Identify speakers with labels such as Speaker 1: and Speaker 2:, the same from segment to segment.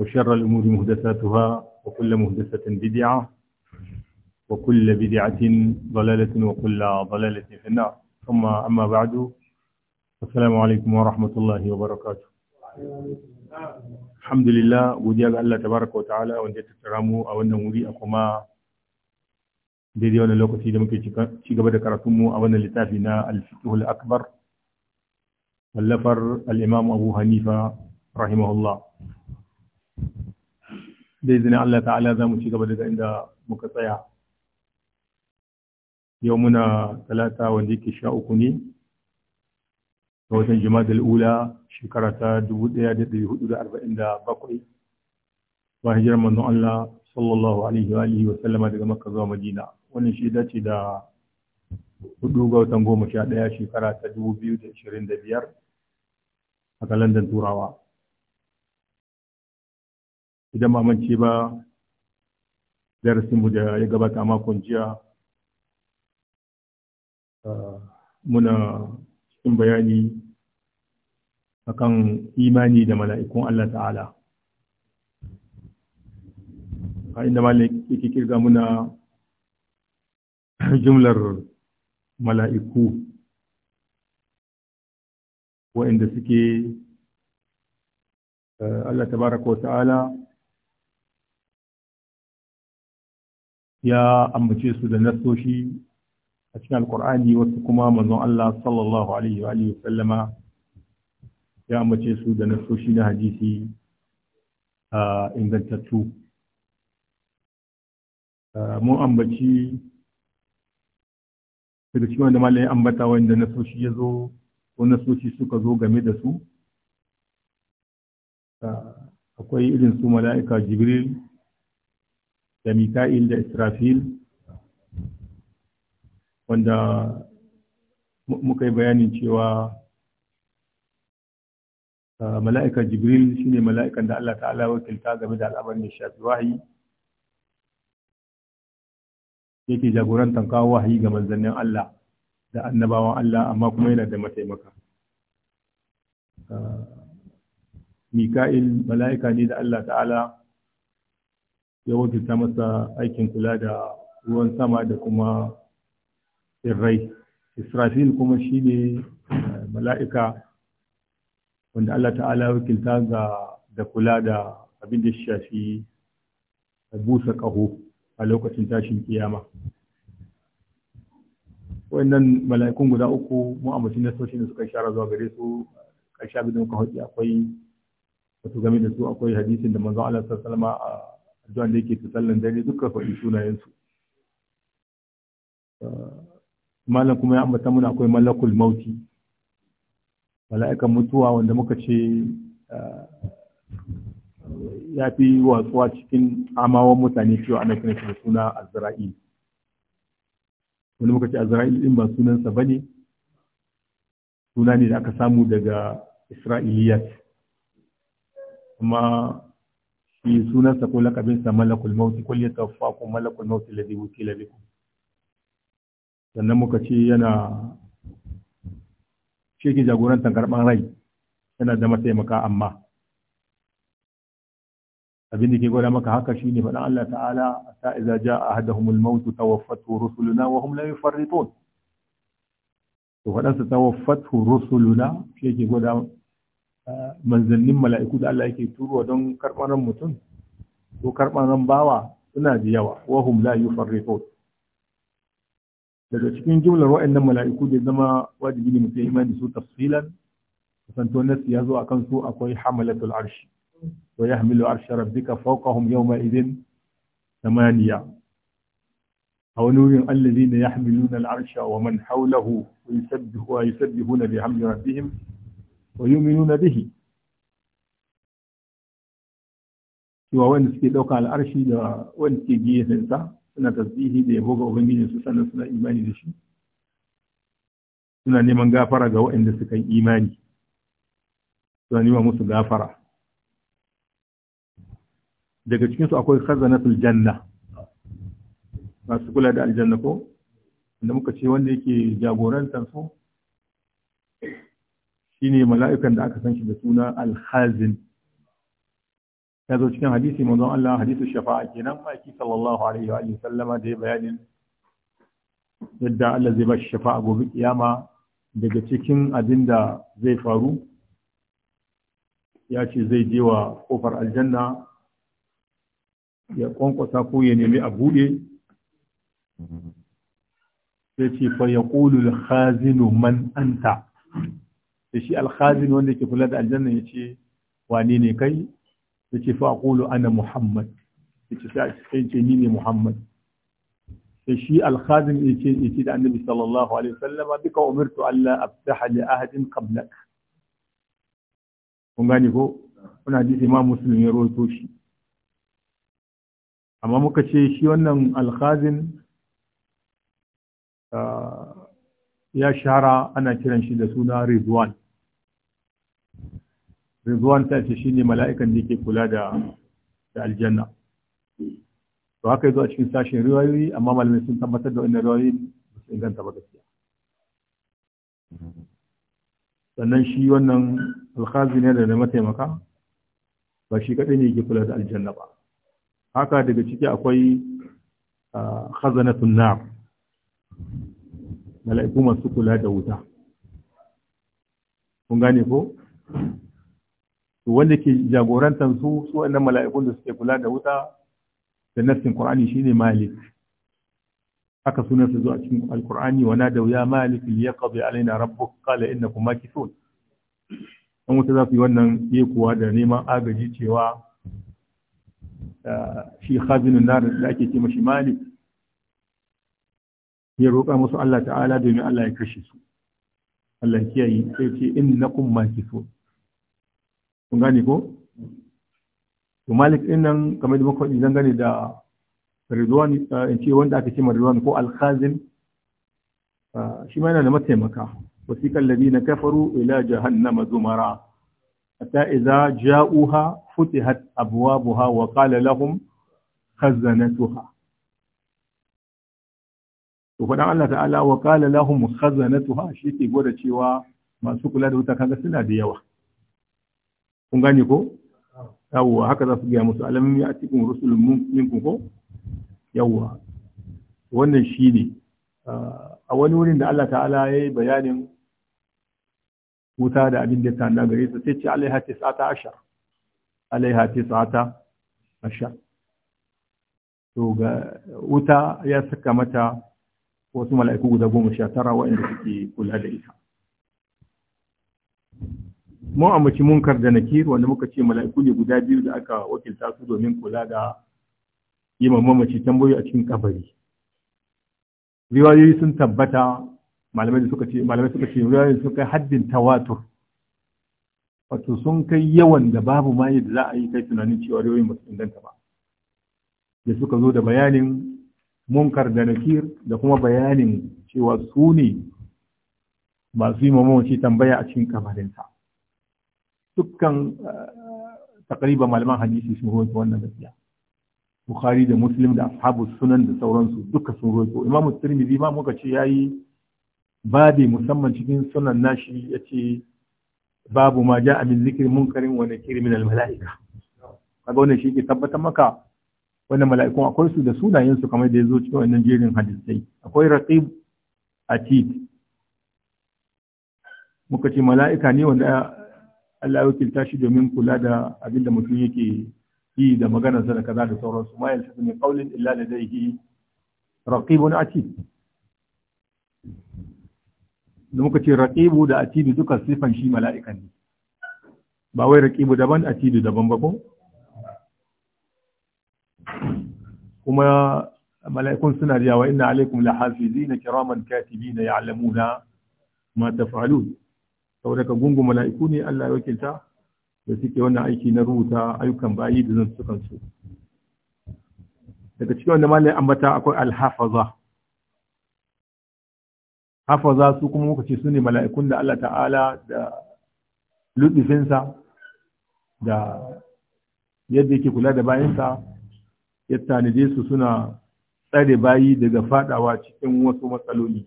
Speaker 1: وشر الأمور مهدثاتها وكل مهدثة بدعة وكل بدعة ضلالة وكل ضلالة في النار ثم أما بعد السلام عليكم ورحمة الله وبركاته الحمد لله ودي الله تبارك وتعالى وانجي تترامو أو أن مري أقوما ديدي وانا لوكو سيدة مكي شيكا بدا كراتمو أو أن لتافنا الفتوه الأكبر اللفر الإمام أبو حنيفة رحمه الله da izinin Allah ta'ala za mu ci gaba daga inda muka tsaya yau muna talata wanda yake sha uku ne A watan jima'ar ula shekara ta 1447 ba hijirar manzon Allah sallallahu alaihi wa alihi wa sallama daga makka zuwa madina wannan shi dace da hudu ga watan goma sha ɗaya shekara ta 2025 a kalandar turawa idan ba mance ba darasinmu da ya gabata makon jiya muna cikin bayani akan imani da mala'ikun Allah ta'ala a inda yake kirga muna jumlar mala'iku waɗanda suke Allah tabaraka wa ta'ala ya ambace su da nasoshi a cikin alkur'ani wasu kuma manzon Allah sallallahu alaihi wa alihi sallama ya ambace su da nasoshi na hadisi a ingantattu mun ambaci daga cikin wanda malai ambata wanda nasoshi ya zo ko nasoshi suka zo game da su akwai irin su mala'ika jibril da mika'il da israfil wanda muka yi bayanin cewa mala'ikar jibril shi ne mala'ikan da Allah ta'ala wakilta game da al'amarin da shafi wahayi yake jagorantar kawo wahayi ga manzannin Allah da annabawan Allah amma kuma yana da mataimaka mika'il mala'ika ne da Allah ta'ala ya ta masa aikin kula da ruwan sama da kuma tsirrai israfil kuma shi ne eh, mala'ika wanda allah ta'ala wakilta ga da kula da abin da shafi busa ƙaho a lokacin tashin kiyama wannan mala'ikun guda uku mu'amacin na soshin da suka shara zuwa gare su ƙarshe abin da muka haƙi akwai wasu game da su akwai hadisin da manzon allah sallama a zuwan da yake ta sallan dare duka faɗi sunayensu malam kuma ya ambata muna akwai malakul mauti mala'ikan mutuwa wanda muka ce ya fi watsuwa cikin amawan mutane cewa ana kiran shi da suna azra'il wani muka ce azra'il din ba sunansa ba ne? suna ne da aka samu daga isra'iliyat amma shi sunansa ko lakabinsa malakul mauti kul sannan muka ce yana shi ke jagorantar karban rai yana da mataimaka amma abin da ke gwada maka haka shine faɗan Allah ta'ala ta iza ja a hadahumul mautu tawaffatu rusuluna wa hum la yufarritun to faɗan su tawaffatu rusuluna shi ke gwada manzannin mala'iku da Allah yake turowa don karɓaran mutum ko karɓar bawa suna da yawa wahum la yufarriqun daga cikin jumlar wa'annan mala'iku da zama wajibi ne mutum imani su tafsilan kasanto na ya zo akan su akwai hamalatul arshi wa yahmilu arsha rabbika fawqahum yawma idin thamaniya a wani wurin allazina yahmiluna al-arsha wa man hawlahu wa yusabbihuna bi hamdi rabbihim wa yu'minuna bihi cewa wanda suke ɗauka al'arshi da wanda suke gehensa suna tasbihi da yabo ga ubangiji su sannan suna imani da shi suna neman gafara ga waɗanda suka yi imani suna neman musu gafara daga cikinsu akwai khazanatul janna masu kula da aljanna ko inda muka ce wanda yake jagorantar su shine mala'ikan da aka san shi da suna al ya zo cikin hadisi manzon Allah hadisi shafa'a kenan maki sallallahu alaihi wa sallama da bayanin yadda Allah zai ba shi shafa'a gobe kiyama daga cikin abin da zai faru ya ce zai je wa kofar aljanna ya kwankwasa ko ya nemi a bude. sai ce fa ya ƙulul hazinu man anta da shi alkhazin wanda yake kula da aljanna ya ce wane ne kai ya ce fa'akulu ana muhammad ya ce sai ce ni ne muhammad sai shi alkhazin ya ce ya ce da annabi sallallahu alaihi wasallama duka umirtu allah abtaha li ahadin qablak kun gane ko kuna ji imam muslim ya rawaito shi amma muka ce shi wannan alkhazin ya shara ana kiran shi da suna Rizwan. Rizwan ta ce shi ne mala'ikan da ke kula da aljanna. To haka yazo a cikin sashen riwayoyi amma malamai sun tabbatar da wannan riwayoyi da su inganta ba gaskiya. Sannan shi wannan alkhazi ne da na mataimaka ba shi kaɗai ne ke kula da aljanna ba. Haka daga ciki akwai ah, khazanatun nar mala'iku masu kula da wuta kun gane ko to wanda ke jagorantar su su wannan mala'ikun da suke kula da wuta da nassin qur'ani shine malik haka sunan su zo a cikin qurani wa nadaw ya malik liyaqdi alaina rabbuk qala innakum makithun an wuta za su yi wannan yekuwa da neman agaji cewa ah, shi khazinun nar da ake ce mashi malik ya roƙa musu Allah ta'ala domin Allah ya kashe su Allah ya kiyaye sai ce innakum makithun kun gane ko to malik din nan kamar da muka faɗi zan gane da ridwan eh, in ce wanda aka ce ridwan ko al-khazin eh, shi ma yana da mataimaka wasiqal ladina kafaru ila jahannama zumara hatta idza ja'uha futihat abwabuha wa qala lahum khazanatuha to faɗan Allah ta'ala wa qala lahum khazanatuha shi ke gwada cewa masu kula da wuta kaga suna da yawa kun gane ko yawwa haka za su gaya musu alamun ya cikin rusulun kun ko yawwa wannan shi ne a wani wurin da Allah ta'ala ya yi bayanin wuta da abin da ta na gare su sai ce alaiha tis'ata ashar alaiha tis'ata ashar to ga wuta ya saka mata wasu mala'iku guda goma sha tara waɗanda suke kula da ita mu ambaci munkar da nakir wanda muka ce mala'iku ne guda biyu da aka wakilta su domin kula da yi mace tambayoyi a cikin kabari riwayoyi sun tabbata malamai suka ce malamai riwayoyi sun kai haddin tawatur wato sun kai yawan da babu ma da za a yi kai tunanin cewa riwayoyin ba su inganta ba da suka zo da bayanin munkar da nakir da kuma bayanin cewa su ne masu yi mamaci tambaya a cikin kamarinsa dukkan eh, takariba malaman hadisi sun rawaito wannan gaskiya bukhari da muslim da ashabu sunan da sauransu duka sun rawaito imam tirmidhi ma muka ce yayi babi musamman cikin sunan nashi ce babu ma ja'a min zikri munkarin wa nakir min al mala'ika kaga wannan shi ke tabbatar maka wannan mala'ikun akwai su da sunayensu kamar da ya zo cikin wannan jerin hadisai akwai raqib atid muka ce mala'ika ne wanda Allah ya wakilta shi domin kula da abin da mutum yake yi da maganarsa da kaza da sauransu ma yanzu ne qawlin illa ladayhi raqibun atid da muka ce raqibu da atid duka sifan shi mala'ikan ne ba wai raqibu daban atid daban ba ko kuma mala'ikun suna da yawa ina alaikum lahafizina kiraman katibina ya'lamuna ma taf'alun saboda ka gungun mala'iku ne Allah ya wakilta da suke wannan aiki na rubuta ayyukan bayi da zan sukan su daga cikin wanda malai ambata akwai alhafaza hafaza su kuma muka ce su ne mala'ikun da Allah ta'ala da lutufinsa da yadda yake kula da bayansa ya tanade su suna tsare bayi daga fadawa cikin wasu matsaloli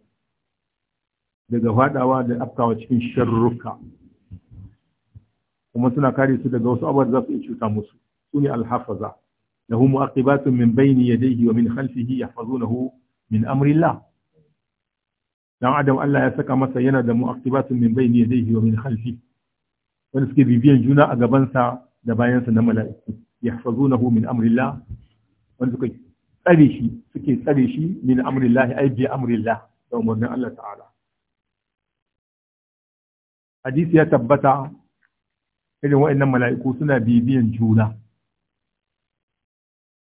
Speaker 1: daga fadawa da afkawa cikin sharruka kuma suna kare su daga wasu abubuwa da za su cuta musu su ne alhafaza lahu mu'aqibatun min bayni yadayhi wa min khalfihi yahfazunahu min amri Allah dan adam Allah ya saka masa yana da mu'aqibatun min bayni yadayhi wa min khalfihi wanda suke bibiyan juna a gabansa da bayansa na mala'iku yahfazunahu min amri Allah wanda suka tsare shi suke tsare shi min amrillah ai bi amrillah da umarnin Allah ta'ala hadisi ya tabbata irin wa'annan mala'iku suna bibiyan juna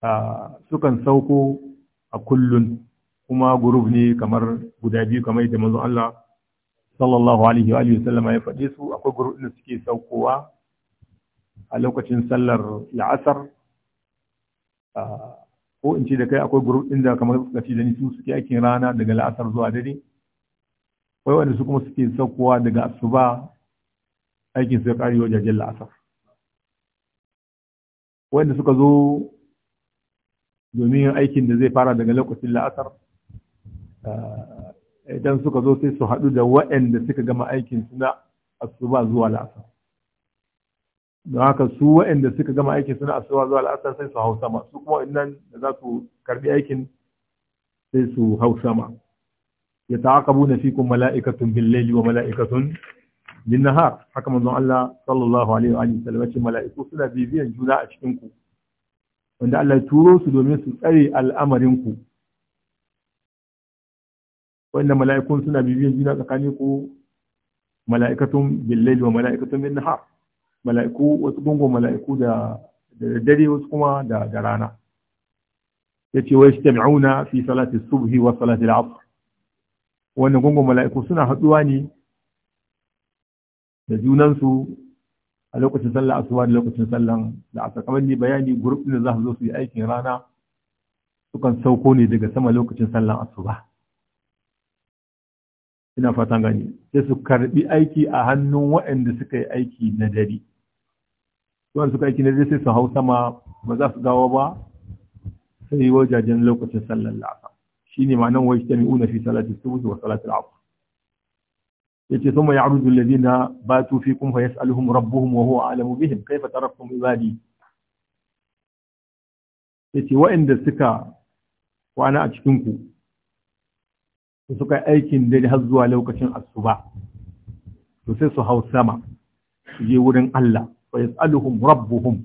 Speaker 1: ah, sukan sauko a kullun kuma gurub ne kamar guda biyu kamar yadda manzon Allah sallallahu alaihi wa alihi ya faɗe su akwai guruf da suke saukowa a lokacin sallar la'asar ah, ko in ce da kai akwai group inda kamar ka ce da ni su suke aikin rana daga la'asar zuwa dare Wai wanda su kuma suke saukowa daga asuba aikin su ya ƙari wajajen la'asar wanda suka zo domin aikin da zai fara daga lokacin la'asar eh, idan suka zo sai su haɗu da waɗanda suka gama aikin su na asuba zuwa la'asar don haka su waɗanda suka gama aikin suna asuwa zuwa al'asar sai su hau sama su kuma waɗannan da za su karɓi aikin sai su hau sama ya ta'aqabu na fi kun mala'ikatun bin wa mala'ikatun bin nahar haka manzon Allah sallallahu alaihi wa alihi sallam ce mala'iku suna bibiyan juna a cikin ku wanda Allah ya turo su domin su tsare al'amarin ku wanda mala'ikun suna bibiyan juna tsakanin ku mala'ikatun bin wa mala'ikatun bin nahar mala'iku wasu gungun mala'iku da dare wasu kuma da rana yace wa yastami'una fi salati subhi wa salati al-'asr wannan gungun mala'iku suna haduwa ne da junan su a lokacin sallah asuba da lokacin sallan da aka kamar ni bayani group da za su zo su yi aikin rana sukan sauko ne daga sama lokacin sallan asuba ina fatan gani sai su karbi aiki a hannun waɗanda suka yi aiki na dare wanda suka aiki na sai su hau sama ba za su dawo ba sai wajajen lokacin sallar la'asar shi ne ma nan wai ta mi'una fi salati subuhi wa salati al'asr yace thumma ya'rudu alladhina batu fikum fa yas'aluhum rabbuhum wa huwa a'lamu bihim kayfa kuma ibadi yace wa'inda suka kwana a cikin ku suka aikin dare har zuwa lokacin asuba to sai su hau sama su je wurin Allah fa yas'aluhum rabbuhum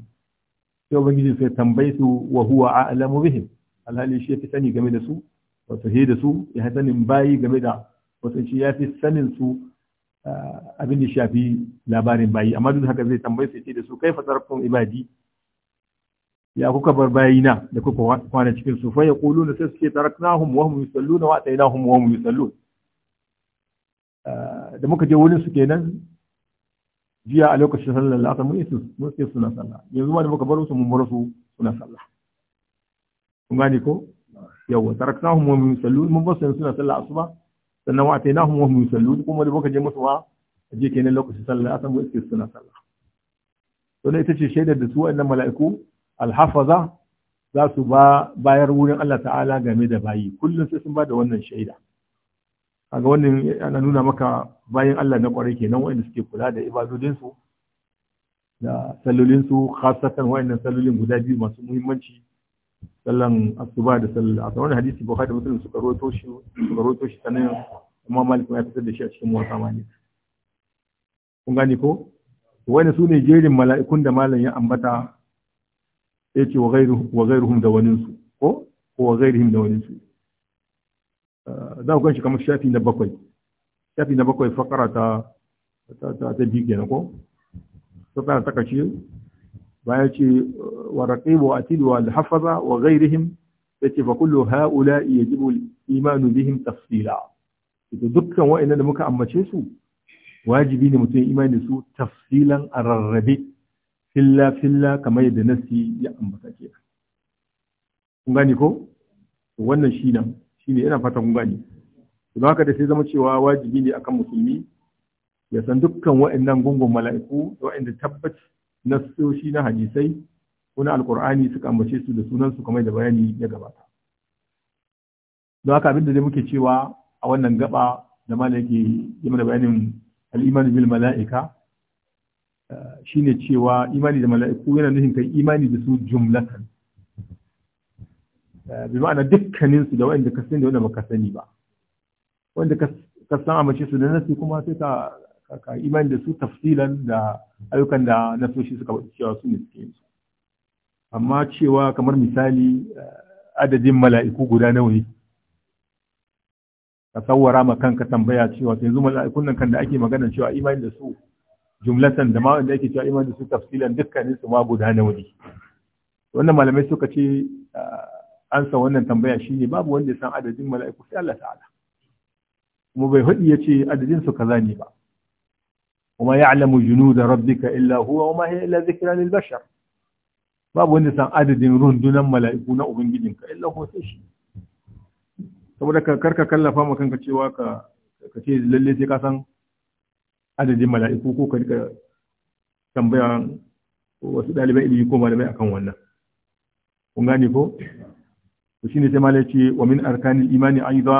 Speaker 1: sai ubangiji sai tambaye su wa huwa a'lamu bihim alhali shi yafi sani game da su wato he da su ya sanin bayi game da wato shi yafi sanin su abin da shafi labarin bayi amma duk haka zai tambaye su ce da su kai fasarfin ibadi ya kuka bar bayina da kuka kwana cikin su fa yaquluna sai suke taraknahum wa hum yusalluna wa atainahum wa hum yusallun da muka je wurin su kenan jiya a lokacin sallar la'asar mun isu mun isu suna sallah yanzu ma da muka baro su mun baro su suna sallah kun gane ko yawa taraknahum wa hum yusallun mun basu suna sallah asuba sannan wa atainahum wa hum yusallun kuma da muka je musu wa je kenan lokacin sallar la'asar mun isu suna sallah to ne ita ce shaidar da su wa'annan mala'iku alhafaza za su ba bayar wurin Allah ta'ala game da bayi kullum sai sun ba da wannan shaida kaga wannan ana nuna maka bayan Allah na kwarai kenan wanda suke kula da ibadodin su da sallolin su khasatan wayannan sallolin guda biyu masu muhimmanci sallan asuba da sallan asar wannan hadisi bukhari da muslim suka rawaito shi suka rawaito shi sanan imam malik ya fitar da shi a cikin muwatta mani. kun gane ko wani su ne jerin mala'ikun da malam ya ambata ya ce wa gairuhum da waninsu ko wa gairuhum da waninsu Eh, za ku ganshi kamar shafi na bakwai shafi na bakwai fakara ta ta ta biyu kenan ko fakara ta baya ce eh, wa raqibu wa atidu wa al-hafaza wa ghayrihim yace fa kullu haula yajibu al-imanu bihim tafsila to dukkan wa'annan da muka ambace su wajibi ne mutum imani su tafsilan a rarrabe filla filla kamar yadda nasi ya ambata kenan kun gane ko wannan shi nan shine ina fatan kun gani don haka da sai zama cewa wajibi ne akan musulmi ya san dukkan wa'annan gungun mala'iku da wa'anda tabbat soshi na hadisai ko na alkur'ani suka ambace su da sunan su kamar da bayani ya gabata don haka abin da dai muke cewa a wannan gaba da malaki yi da bayanin al'imani bil mala'ika eh, shine cewa imani da mala'iku yana nufin kai imani da su jumlatan Eh, bima'ana ma'ana dukkanin su da wanda ka sani da wanda baka sani ba wanda ka san amince su da nasi kuma sai ka ka iman da su tafsilan da ayyukan da nasoshi suka faɗi cewa su ne suke su amma cewa kamar misali eh, adadin mala'iku guda nawa ne ka tsawara ma kanka tambaya cewa sai zuma mala'ikun nan kan da ake magana cewa imani da su jumlatan da ma wanda ake cewa imani da su tafsilan dukkanin su ma guda nawa ne wannan malamai suka ce eh, an san wannan tambaya shi ne babu wanda ya san adadin mala'iku sai Allah ta'ala kuma bai hudi ce adadin su kaza ne ba kuma ya alamu وما يعلم جنود illa huwa هو وما illa إلا lil bashar. babu wanda san adadin rundunan mala'iku na Ubangijin ka illa huwa sai shi saboda ka karka kallafa ma kanka cewa ka ka ce lalle sai ka san adadin mala'iku ko ka rika tambaya wasu ɗalibai ilimi ko malamai akan wannan kun gane ko to shine sai malai ce wa min arkanil imani aiza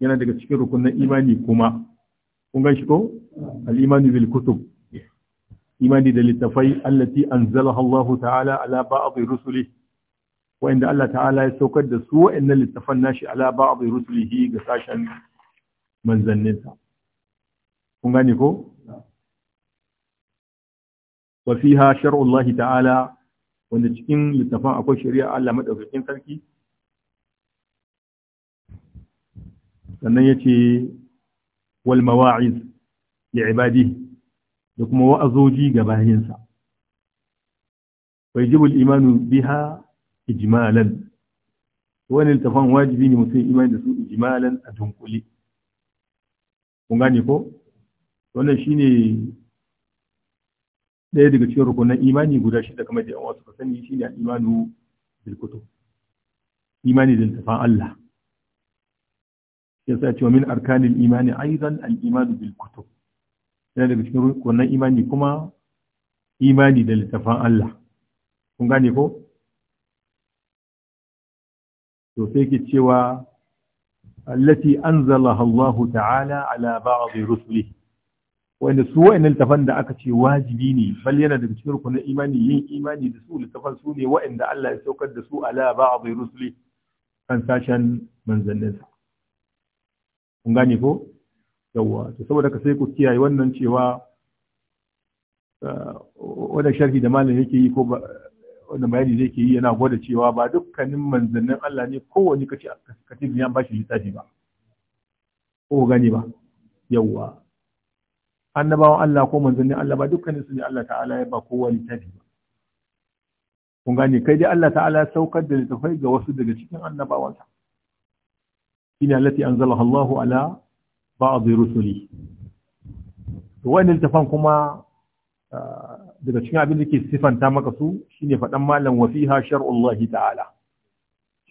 Speaker 1: yana daga cikin rukunin imani kuma kun gan shi ko al imani bil kutub imani da littafai allati anzalaha Allah ta'ala ala ba'd rusuli wa inda Allah ta'ala ya saukar da su wa'annan littafan nashi ala ba'd rusulihi ga sashen manzanninsa kun gane ko wa fiha shar'u Allah ta'ala wanda cikin littafan akwai shari'a Allah madaukakin sarki sannan ya ce wal mawa'iz li ibadi da kuma wa'azoji ga bayinsa bai jibul imanu biha ijmalan wani littafan wajibi ne mutum imani da su ijimalan a dunkule kun gane ko wannan shine ɗaya daga cikin rukunan imani guda shida kamar da yan wasu ka sani shine imanu bilkutu kutub imani da littafan Allah ya sa cewa min arkanin imani aizan al'imanu bil kutub yana daga cikin rukunan imani kuma imani da littafan Allah kun gane ko to sai ke cewa allati anzalaha Allah ta'ala ala ba'd rusulihi wanda su wa'annan littafan da aka ce wajibi ne bal yana daga cikin rukunin imani yin imani da su littafan su ne wa'anda Allah ya saukar da su ala ba'd rusulihi kan sashen manzanninsa kun gane mm-hmm. ko yawwa to saboda ka sai ku kiyaye wannan cewa eh, wanda sharhi da malam yake yi ko wanda bayani zai ke yi yana gwada cewa ba dukkanin manzannin Allah ne kowane kace kace ya ba shi littafi ba ko gane ba yawwa annabawan Allah ko manzannin Allah ba dukkanin su ne Allah ta'ala ya ba kowani littafi ba kun gane kai dai Allah ta'ala ya saukar da littafai ga wasu daga cikin annabawansa shine allati anzalaha Allah ala ba'd rusuli wannan littafin kuma ah, daga cikin abin da ke sifanta maka su shine faɗan malam wa fiha shar'ullahi ta'ala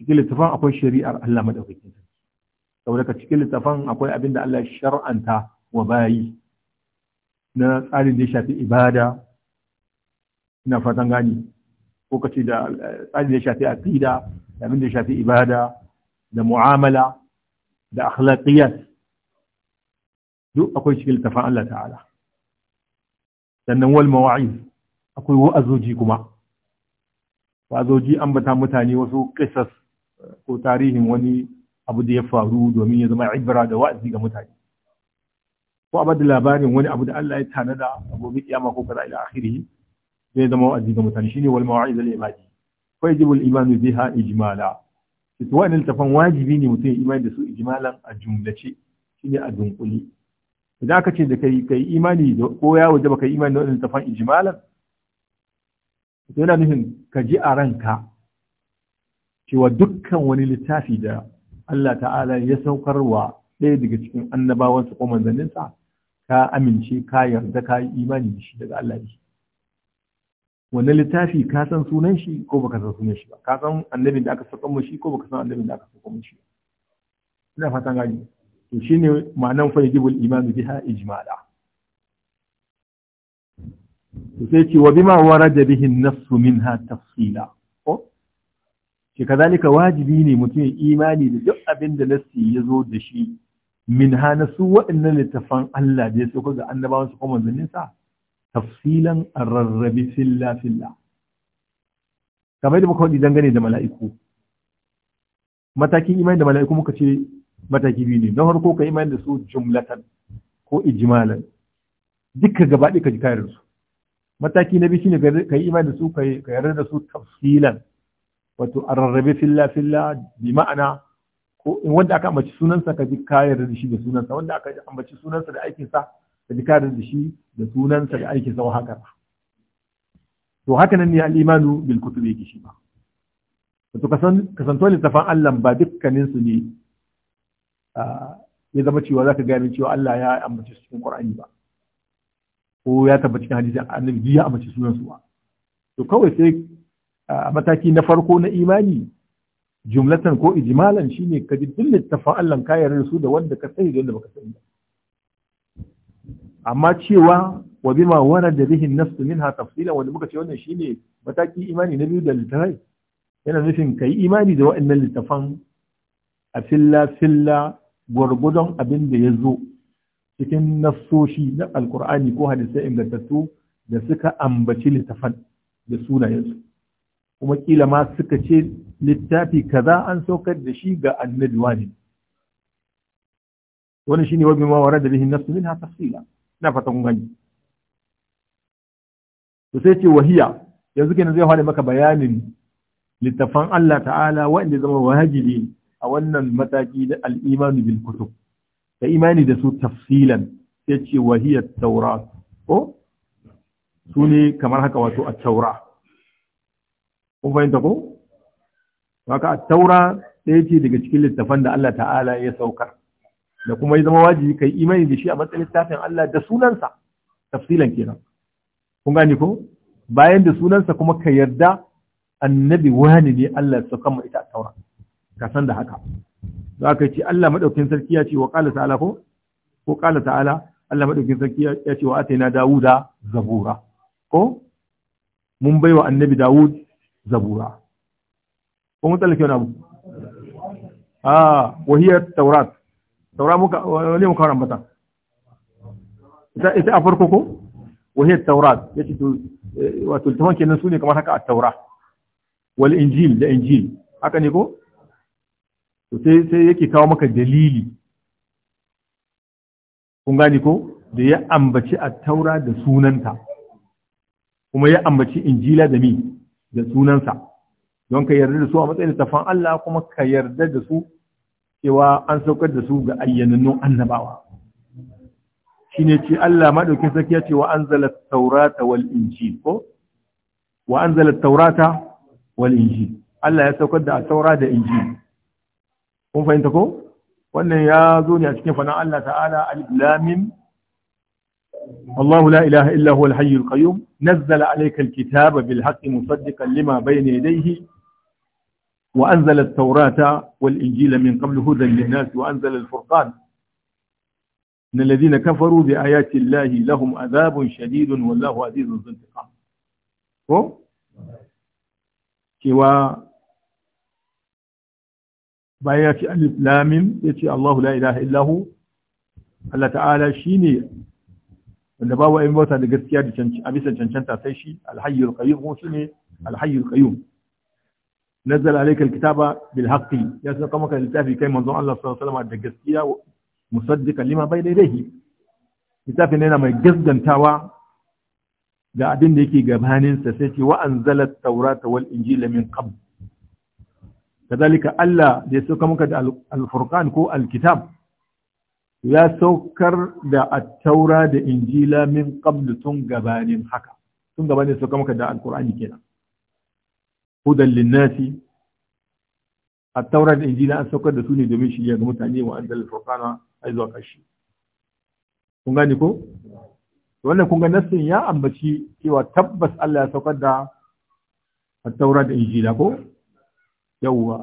Speaker 1: cikin littafan akwai shari'ar Allah madaukakin sarki saboda ka cikin littafan akwai abin da Allah shar'anta wa bayi na tsarin da ya shafi ibada ina fatan gani ko kace da eh, tsarin da ya shafi aqida da abin da ya shafi ibada da mu'amala da akhlaqiyat duk akwai cikin littafin Allah ta'ala sannan wal mawa'iz akwai wa'azoji kuma wa'azoji an bata mutane wasu qisas eh, ko tarihin wani abu da ya faru domin ya zama ibra da wa'azi ga mutane ko a bada labarin wani abu da Allah ya tanada a gobe kiyama ko kaza ila akhirih zai zama wa'azi ga mutane shine wal mawa'iz al imani fa yajibu al imanu biha ijmala to wa'annan littafan wajibi ne mutum ya imani da su ijimalan a jumlace ne a dunkuli idan aka ce da kai kai imani ko ya waje baka imani da wa'annan littafan ijimalan to yana nufin ka ji a ranka cewa dukkan wani littafi da Allah ta'ala ya saukar wa ɗaya daga cikin annabawansa ko manzanninsa ka amince ka yarda ka yi imani da shi daga Allah ne wannan littafi ka san sunan shi ko baka san sunan shi ba ka san annabin da aka saka mu shi ko baka san annabin da aka saka mu shi ina fatan gani to shine ma'anan fa yajibul imanu biha ijmala to sai ce wa bima warada bihi an-nass minha tafsila ko shi kazalika wajibi ne mutum ya imani da duk abin da nassi ya zo da shi min hana su waɗannan littafan Allah da ya sauka ga annabawan su kuma manzannin sa tafsilan arrarrabi filla filla kamar yadda muka faɗi dangane da mala'iku matakin imani da mala'iku muka ce mataki biyu ne na farko ka imani da su jumlatan ko ijmalan dukkan gaba ɗaya ka ji kayar su mataki na biyu shine ka yi imani da su ka yarda da su tafsilan wato a rarrabe filla filla bi ma'ana ko wanda aka ambaci sunansa ka ji kayar da shi da sunansa wanda aka ambaci sunansa da aikinsa ka ji kayar da shi da sunansa da aiki sau haka to haka nan ne al'imanu bil kutubi yake shi ba wato kasantuwa littafan Allah ba dukkanin su ne ya zama cewa za zaka gane cewa Allah ya ambaci cikin ƙur'ani ba ko ya tabbaci cikin hadisin annabi ya ambaci sunansu ba to kawai sai a mataki na farko na imani jumlatan ko ijmalan shine ka ji duk littafan Allah ka yarda su da wanda ka sani da wanda baka sani ba amma cewa wa bima warada bihi an-nafs minha tafsilan wanda muka ce wannan shine mataki imani na biyu da littafai yana nufin kai imani da wa'annan littafan a filla filla gwargwadon abin da ya zo cikin nassoshi na alkur'ani ko hadisai ingantattu da suka ambaci littafan da sunayensu kuma kila ma suka ce littafi kaza an saukar da shi ga annabi wani wannan shine wa bima da bihin an-nafs minha tafsilan ina fatan gani to sai ce wahiya yanzu kenan zai hada maka bayanin littafan Allah ta'ala wanda zama wajibi a wannan mataki da al-imanu bil kutub da imani da su tafsilan sai ce wahiya Taura, ko su ne kamar haka wato a taura kun fahimta ko haka a taura ɗaya ce daga cikin littafan da Allah ta'ala ya saukar da kuma ya zama wajibi kai imani da shi a matsayin littafin Allah da sunansa tafsilan kenan kun gane ko bayan da sunansa kuma ka yarda annabi wani ne Allah ya sauka mai ita taura ka san da haka za ka ce Allah madaukin sarki ya ce wa qala ta'ala ko ko qala ta'ala Allah madaukin sarki ya ce wa ataina Dawuda zabura ko mun baiwa annabi Dawud zabura ko mun tsallake wani abu ah wahiyar taurat taura muka wani muka rambata ita a farko ko wahiyar taurat ya ce eh, wato littafan kenan su ne kamar haka a taura wal injil da injil haka ne ko sai sai yake kawo maka dalili kun gani ko da ya ambaci a taura da sunanta kuma ya ambaci injila da mi da sunansa don ka yarda da su a matsayin littafan Allah kuma ka yarda da su cewa an saukar da su ga ayyanannun annabawa Shi ne ce Allah madaukin sarki ya ce wa an zala taurata wal inji ko wa an zala taurata wal inji. Allah ya saukar da taura da inji. kun fahimta ko wannan ya zo ne a cikin faɗin Allah ta'ala alif lam mim Allahu la ilaha illa huwa al-hayyul qayyum nazzala alayka al-kitaba bil haqqi musaddiqan lima bayna yadayhi وأنزل التوراة والإنجيل من قبل هدى للناس وأنزل الفرقان إن الذين كفروا بآيات الله لهم عذاب شديد والله عزيز ذو انتقام ko cewa bayan ya ce alif lamim ya ce Allahu la ilaha illahu Allah ta'ala shi ne wanda babu 'yan bauta da gaskiya da a bisa cancanta sai shi alhayyul qayyum ko shi ne alhayyul qayyum Na alayka alkitaba bil haqqi ya sauka maka littafi kai manzon Allah sallallahu alaihi wasallam da gaskiya musaddiqan lima bayna yadayhi littafin yana mai gaskantawa ga abin da yake gabanin sa sai ce wa anzalat tawrata wal injila min qabl kazalika Allah da ya sauka maka da al ko al-kitab ya saukar da at-taura da injila min qabl tun gabanin haka tun gabanin sauka maka da al-qur'ani kenan hudan linnasi at-taurat da injila an saukar da su ne domin shirya ga mutane wa anzal furqana ai zuwa kashi kun gane ko wannan kun ga nassin ya ambaci cewa tabbas Allah ya saukar da at-taurat da injila ko yawwa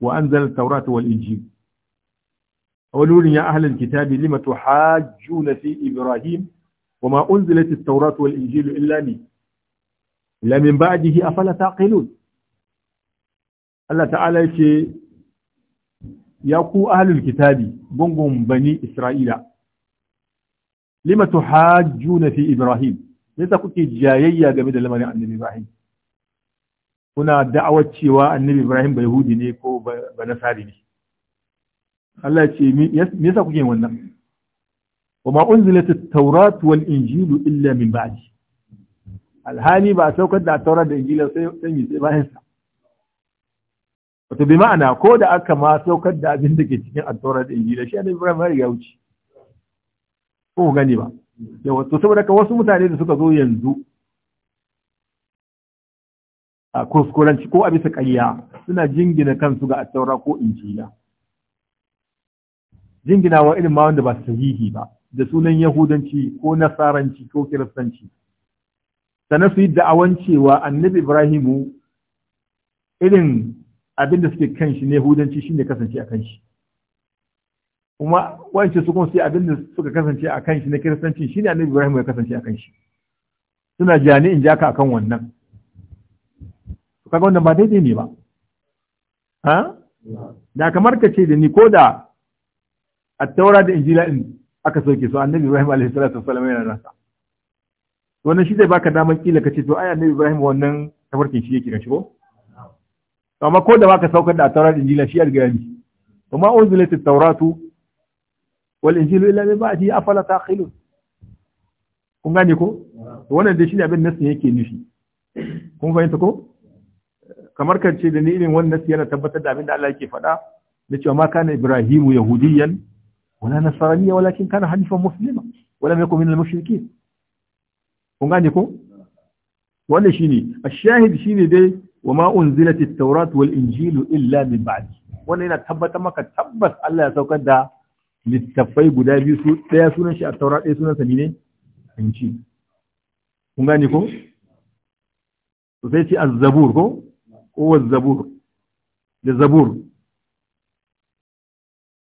Speaker 1: wa anzal at-taurat wal injil أولون يا أهل الكتاب لم تحاجون في إبراهيم وما أنزلت التوراة والإنجيل إلا من إلا من بعده أفلا تعقلون Allah ta'ala ce, ya ku ahlul kitabi gungun bani Isra'ila lima tuhajjuna fi Ibrahim yasa kuke jayayya game da lamarin annabi Ibrahim kuna da'awar cewa annabi Ibrahim ba Yahudi ne ko ba Nasari ne Allah ce me yasa kuke wannan wa ma unzilat at-taurat wal injilu illa min ba'di alhali ba saukar da taurat da injila sai sai bayan sa wato bi ma'ana ko da aka ma saukar da abin da ke cikin attaura da injila shi ne ibrahim ya wuce ko gani ba yawa to saboda ka wasu mutane da suka zo yanzu a kuskuranci ko a bisa ƙarya suna jingina kansu ga attaura ko injila jingina wa irin ma wanda ba sahihi ba da sunan yahudanci ko nasaranci ko kiristanci sannan su yi da'awan cewa annabi ibrahimu irin abin da suke kan shi ne hudanci shine kasance a kan shi kuma wance su kuma sai abin da suka kasance a kan shi na kiristanci shine annabi Ibrahim ya kasance a kan shi suna jani in jaka akan wannan to kaga wannan ba daidai ne ba ha da kamar ka ce da ni ko da at-taura da injila in aka soke su annabi Ibrahim alaihi salatu wassalam yana rasa wannan shi zai baka damar kila ka ce to ai annabi Ibrahim wannan tafarkin shi yake kan shi ko amma ko da baka saukar da taurat injila shi yarga to ma unzilat at-tauratu wal injilu illa min ba'di afala taqilun kun gane ko wannan dai shine abin nasu yake nufi kun fahimta ko kamar kan ce da ni irin wannan nasu yana tabbatar da abin da Allah yake faɗa na cewa ma kana ibrahim yahudiyan wala nasraniya walakin kana hanifan muslima wala ma yakun min al-mushrikeen kun gane ko wannan shine ash-shahid shine dai wa ma unzilat at-taurat wal injilu illa min ba'di wannan yana tabbatar maka tabbas Allah ya saukar da littafai guda biyu su sunan shi at-taurat daya sunan sa ne kun gane ko to sai ce az-zabur ko ko az-zabur da zabur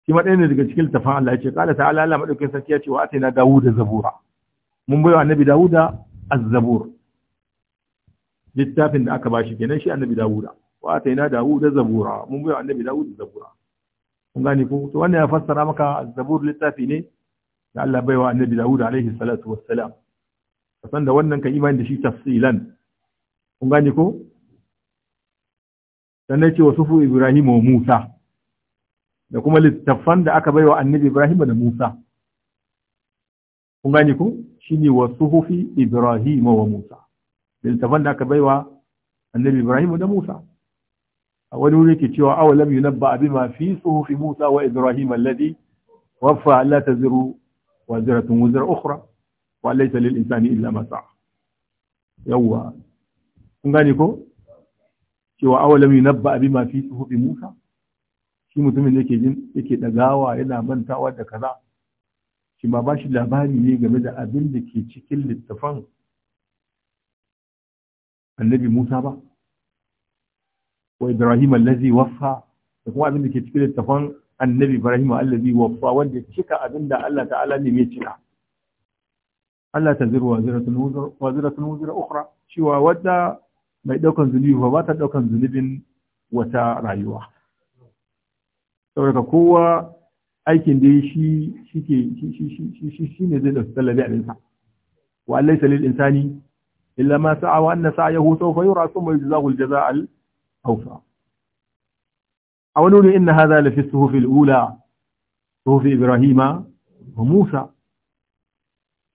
Speaker 1: shi ma ɗaya ne daga cikin littafin Allah ya ce kala ta'ala Allah madaukakin sarki ya ce wa atina dawuda zabura mun bai annabi dawuda az-zabur littafin da aka bashi kenan shi annabi dawuda wa ataina dawuda zabura mun bai annabi dawuda zabura kun gane ko to wannan ya fassara maka zabur littafi ne da Allah baiwa annabi dawuda alaihi salatu wassalam san da wannan ka imani da shi tafsilan kun gane ko sannan ce wasufu ibrahim wa musa da kuma littafan da aka baiwa annabi ibrahim da musa kun gane ko shine wasuhufi ibrahim wa musa littafan da aka baiwa annabi Ibrahim da Musa a wani wuri ke cewa awa lam yunabba bima fi suhufi Musa wa Ibrahim alladhi waffa alla taziru waziratun wuzra ukhra wa laysa lil insani illa ma sa'a yawa kun gane ko cewa awa lam yunabba bima fi suhufi Musa shi mutumin yake jin yake dagawa yana mantawa da kaza shi ma ba shi labari ne game da abin da ke cikin littafan annabi Musa ba wa Ibrahim allazi waffa da kuma abin da ke cikin littafin annabi Ibrahim allazi waffa wanda ya cika abin da Allah ta'ala ne mai cika Allah ta zira zirwa ziratun wuzira ukhra cewa wadda mai ɗaukan zunubi ba ta ɗaukan zunubin wata rayuwa saboda kowa aikin da shi ne zai dauki talabi abin sa wa laysa lil insani إلا ما سعى وأن سعيه سوف يرى ثم يجزاه الجزاء الأوفى أولوني إن هذا لفي الصهوف الأولى صهوف إبراهيم وموسى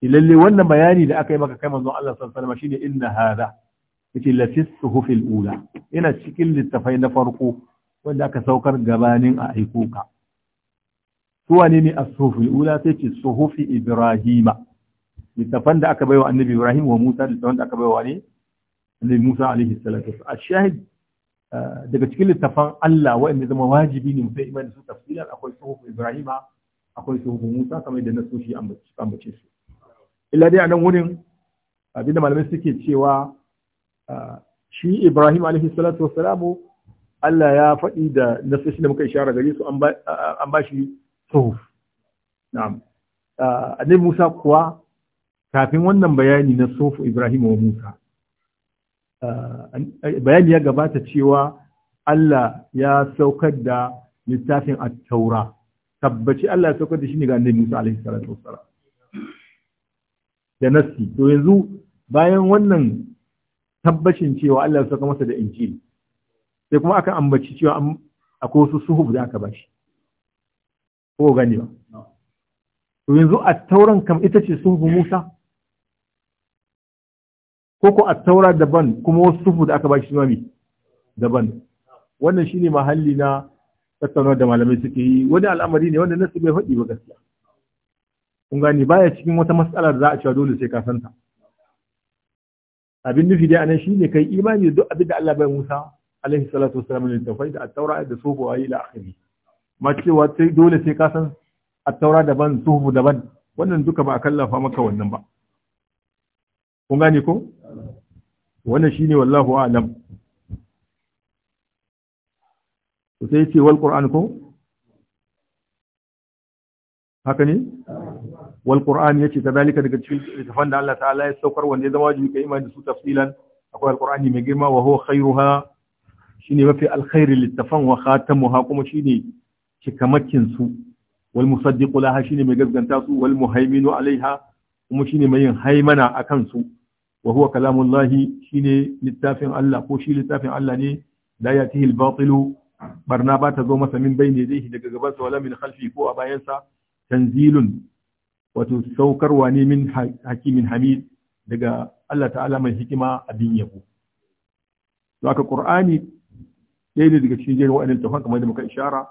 Speaker 1: إلا اللي ون بياني لأكيمك كما الله صلى الله عليه وسلم إن هذا لكي لفي الصهوف الأولى إن الشكل للتفين فرقه ولك سوكر جبان أعيكوك سواني الصهوف الأولى تيجي صهوف إبراهيم littafan da aka baiwa annabi Ibrahim wa Musa littafan da aka baiwa ne annabi Musa alaihi salatu a shahid ah, daga cikin littafan Allah waɗanda zama wajibi ne mutum imani su tafsilan akwai suhufu Ibrahim akwai suhufu Musa kamar da nasoshi ambace su illa dai a nan wurin abinda malamai suke cewa ah, shi Ibrahim alaihi salatu wassalamu Allah ya faɗi da nasoshi da muka ishara gare su an ba ah, shi suhuf na'am annabi Musa kuwa kafin wannan bayani na sofu Ibrahim wa Musa eh, bayani ya gabata cewa Allah ya saukar da littafin at-taura tabbaci Allah ya saukar da shi ne ga annabi Musa alaihi salatu wassalam da nassi to yanzu bayan wannan tabbacin cewa Allah ya sauka masa da injili, sai kuma aka ambaci cewa akwai wasu suhuf da aka bashi ko gani ba to yanzu a tauran kam ita ce suhuf Musa ko ko attaura daban kuma wasu sufu da aka ba shi mami daban wannan shine mahalli na tattaunawa da malamai suke yi wani al'amari ne wanda nasu bai faɗi ba gaskiya kun gani baya cikin wata matsala da za a cewa dole sai ka santa abin nufi dai anan shine kai imani da duk abin da Allah bai Musa alaihi salatu wassalam ne tafai da attaura da sufu wa ila akhiri ma cewa sai dole sai ka san attaura daban sufu daban wannan duka ba a kallafa maka wannan ba kun gane ko wannan shine wallahu a'lam to sai ce wal qur'an ko haka ne wal qur'an yace kadalika daga cikin littafan da Allah ta'ala ya saukar wanda ya zama wajibi kai imani da su tafsilan akwai qur'ani mai girma wa huwa khairuha shine mafi alkhairi littafan wa khatamuha kuma shine cikamakin su wal musaddiqu laha shine mai gaskanta su wal muhaiminu alaiha kuma shine mai yin haimana akan su Wahuwa huwa kalamullahi shine littafin Allah ko shi littafin Allah ne la yatihi al-batilu barna bata ta zo masa min bayne zai daga gaban sa wala min khalfi ko a bayan sa tanzilun wato saukarwa ne min hakimin hamid daga Allah ta'ala mai hikima abin yabo to aka qur'ani ɗaya ne daga cikin jerin wa'annan tafan kamar da muka ishara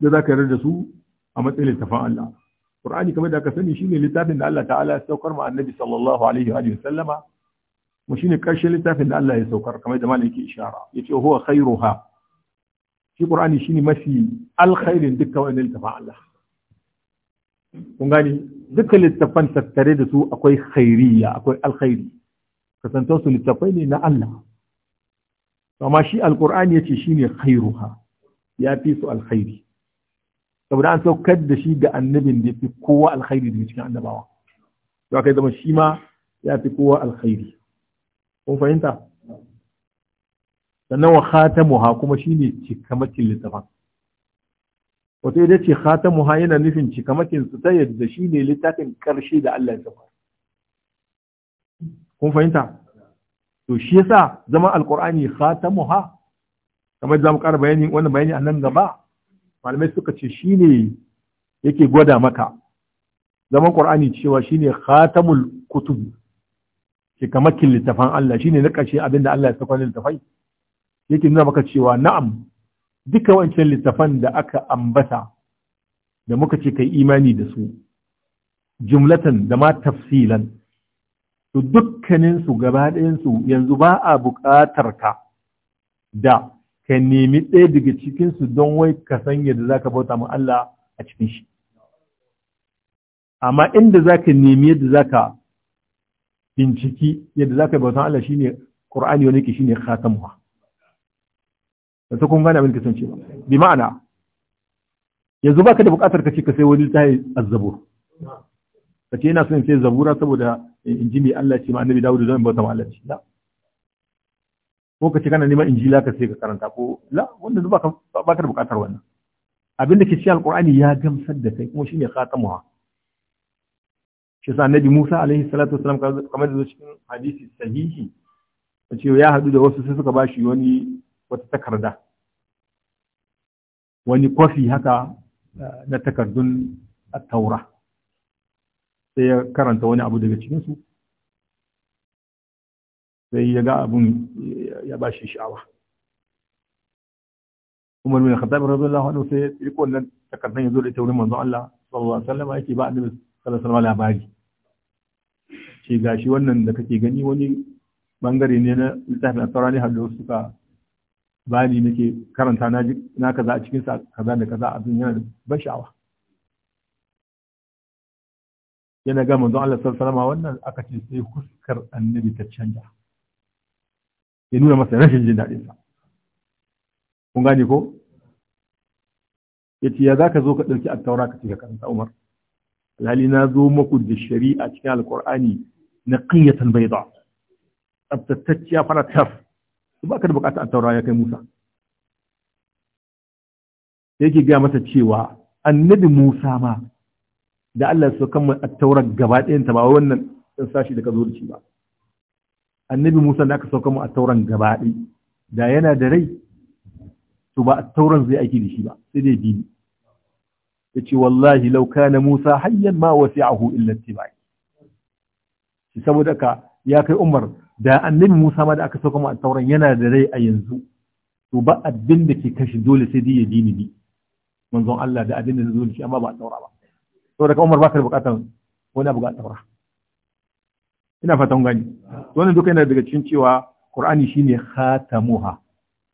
Speaker 1: da za ka yarda da su a matsayin littafan Allah Qur'ani kamar da ka sani shine littafin da Allah ta'ala ya saukar ma annabi sallallahu alaihi wa sallama mu shine karshen littafin da Allah ya saukar kamar da ke ishara yace huwa khairuha shi Qur'ani shine mafi alkhairin dukkan wannan littafin Allah kun gani dukkan littafan tattare da su akwai khairiyya akwai alkhairi kasantar su littafai ne na Allah amma shi alqur'ani yace shine khairuha ya fi su alkhairi saboda an saukar da shi ga annabin da fi kowa alkhairi daga cikin annabawa to aka zama shi ma ya fi kowa alkhairi kun fahimta sannan wa khatamuha kuma shine cikamakin littafin wato idan ce khatamuha yana nufin cikamakin su ta yadda shine littafin karshe da Allah ya saka kun fahimta to shi yasa zama alqur'ani khatamuha kamar mu ƙara bayani wannan bayani a nan gaba malamai suka ce shi shine yake gwada maka zaman ƙwar'ani cewa shi ne khatamul kutub ke kamar littafan Allah shi ne na ƙashe abinda Allah ya saka littafai yake nuna maka cewa na'am duka wancan littafan da aka ambata da muka ce kai imani da su jumlatan da ma tafsilan su dukkaninsu gaba ɗayansu yanzu ba a buƙatar ka da ka nemi ɗaya daga cikinsu don wai ka san yadda za ka bauta ma Allah a cikin shi amma inda za ka nemi yadda za ka binciki yadda za ka bauta Allah ne Qur'ani wani ke ne khatamuwa da ta kun gane abin kasance ba bi ma'ana yanzu ba ka da buƙatar ka ce ka sai wani ta yi azzabur ka ce yana son sai zabura saboda in ji mai Allah ce ma annabi don in bauta ma Allah ce ko ka ce kana neman injila ka sai ka karanta ko la wanda ba ka ba ka bukatar wannan abinda ke cikin alqur'ani ya gamsar da kai kuma shine khatamuha shi sa annabi Musa alaihi salatu wasalam kamar da cikin hadisi sahihi ce ya hadu da wasu sai suka ba shi wani wata takarda wani kwafi haka eh, na takardun at-taura sai ya karanta wani abu daga cikin su sai ya ga abun ya ba shi sha'awa Umar bin Khattab radiyallahu anhu sai ya riko wannan takardar ya zo da ita wurin manzon Allah sallallahu alaihi wasallam yake ba annabi sallallahu alaihi wasallam labari ce gashi wannan da kake gani wani bangare ne na littafin asara ne hadda suka bani nake karanta na na kaza a cikin sa kaza da kaza abin yana da ban sha'awa yana ga manzon Allah sallallahu alaihi wasallam wannan aka ce sai fuskar annabi ta canja ya nuna masa rashin jin sa kun gane ko ya ce ya za zo ka ɗauki attaura ka ce ka karanta umar alhali na zo maku da shari'a cikin alkur'ani na qiyatan bayda tsabtatacciya fara taf ba ka da bukatar attaura ya kai musa yake gaya masa cewa annabi musa ma da Allah su kan attaura gaba ɗayan ta ba wannan sashi da ka zo da shi ba annabi Musa da aka sauka mu a tauran gaba da yana da rai to ba a tauran zai aiki da shi ba sai dai dini yace wallahi law na Musa hanyar ma wasi'ahu illa tibai shi saboda ka ya kai Umar da annabi Musa ma da aka sauka mu a tauran yana da rai a yanzu to ba abin da ke kashe dole sai dai ya dini bi manzon Allah da abin da zai zo da shi amma ba a taura ba saboda ka Umar ba ka da bukatar wani abu ga taura ina fatan gani wannan duka yana daga cikin cewa qur'ani shine khatamuha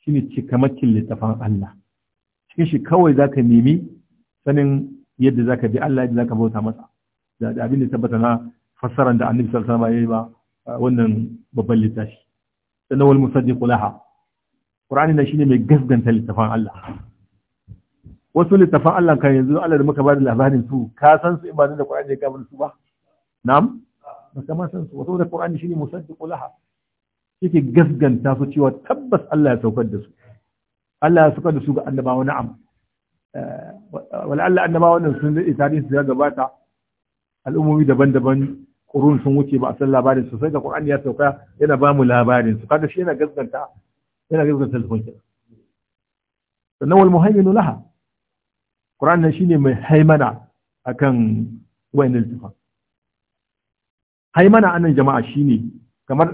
Speaker 1: shine cikamakin littafin Allah cikin shi kawai zaka nemi sanin yadda zaka bi Allah yadda zaka bauta masa da abin da tabbata na fassarar da Annabi sallallahu alaihi wasallam ya yi ba wannan babban littafi sannan wal musaddiq laha qur'ani na shine mai gasganta littafin Allah wasu littafan Allah kan yanzu Allah da muka ba bada labarin su ka san su imanin da Qur'ani ya kabar su ba na'am baka ma san su saboda Qur'ani shine musaddiqu laha yake gasganta su cewa tabbas Allah ya saukar da su Allah ya saukar da su ga annabawa na'am eh, wala Allah annabawa nan sun da tarihi su ya gabata al'ummomi daban-daban kurun sun wuce ba a san labarin su sai da Qur'ani ya sauka yana ba mu labarin su kaga shi yana gasganta yana gasganta su kenan sannan wal muhaiminu laha Qur'an nan shine mai haimana akan wayannan tafsir haimana anan jama'a shine kamar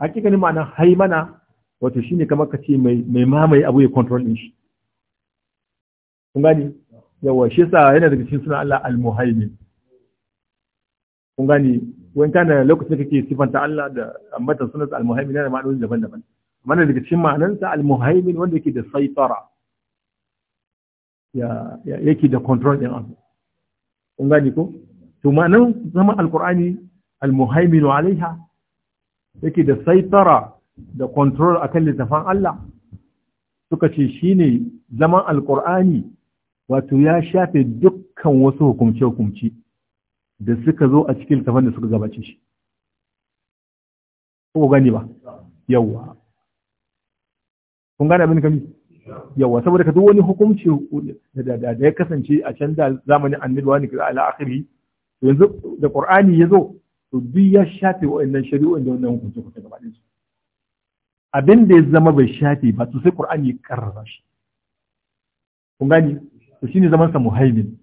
Speaker 1: hakikanin ma'anar haimana wato shine kamar ka ce mai mamaye abu ya control din shi kun gani yawa shi yasa yana daga cikin sunan Allah al-muhaimin kun gani wani kana lokacin kake sifanta Allah da ambata sunan al-muhaimin yana ma'anoni daban-daban mana daga cikin ma'anansa al-muhaimin wanda yake da saitara ya yake da control din abu kun gani ko to zama alqur'ani al-muhaiminu alaiha yake da saitara da control akan littafan Allah suka ce shine zaman alqur'ani wato ya shafe dukkan wasu hukumce hukumci da suka zo a cikin littafan da suka gabace shi ko gani ba yawa kun gane abin kami yawa saboda ka duk wani hukunci da ya kasance a can da zamanin annabi wani kaza ala akhiri yanzu da qur'ani yazo to duk ya shafe wa'annan shari'o'in da wannan hukunce kusa gaba ɗaya abin da ya zama bai shafe ba to sai qur'ani ya karrara shi kun gani to shine zaman sa muhaimin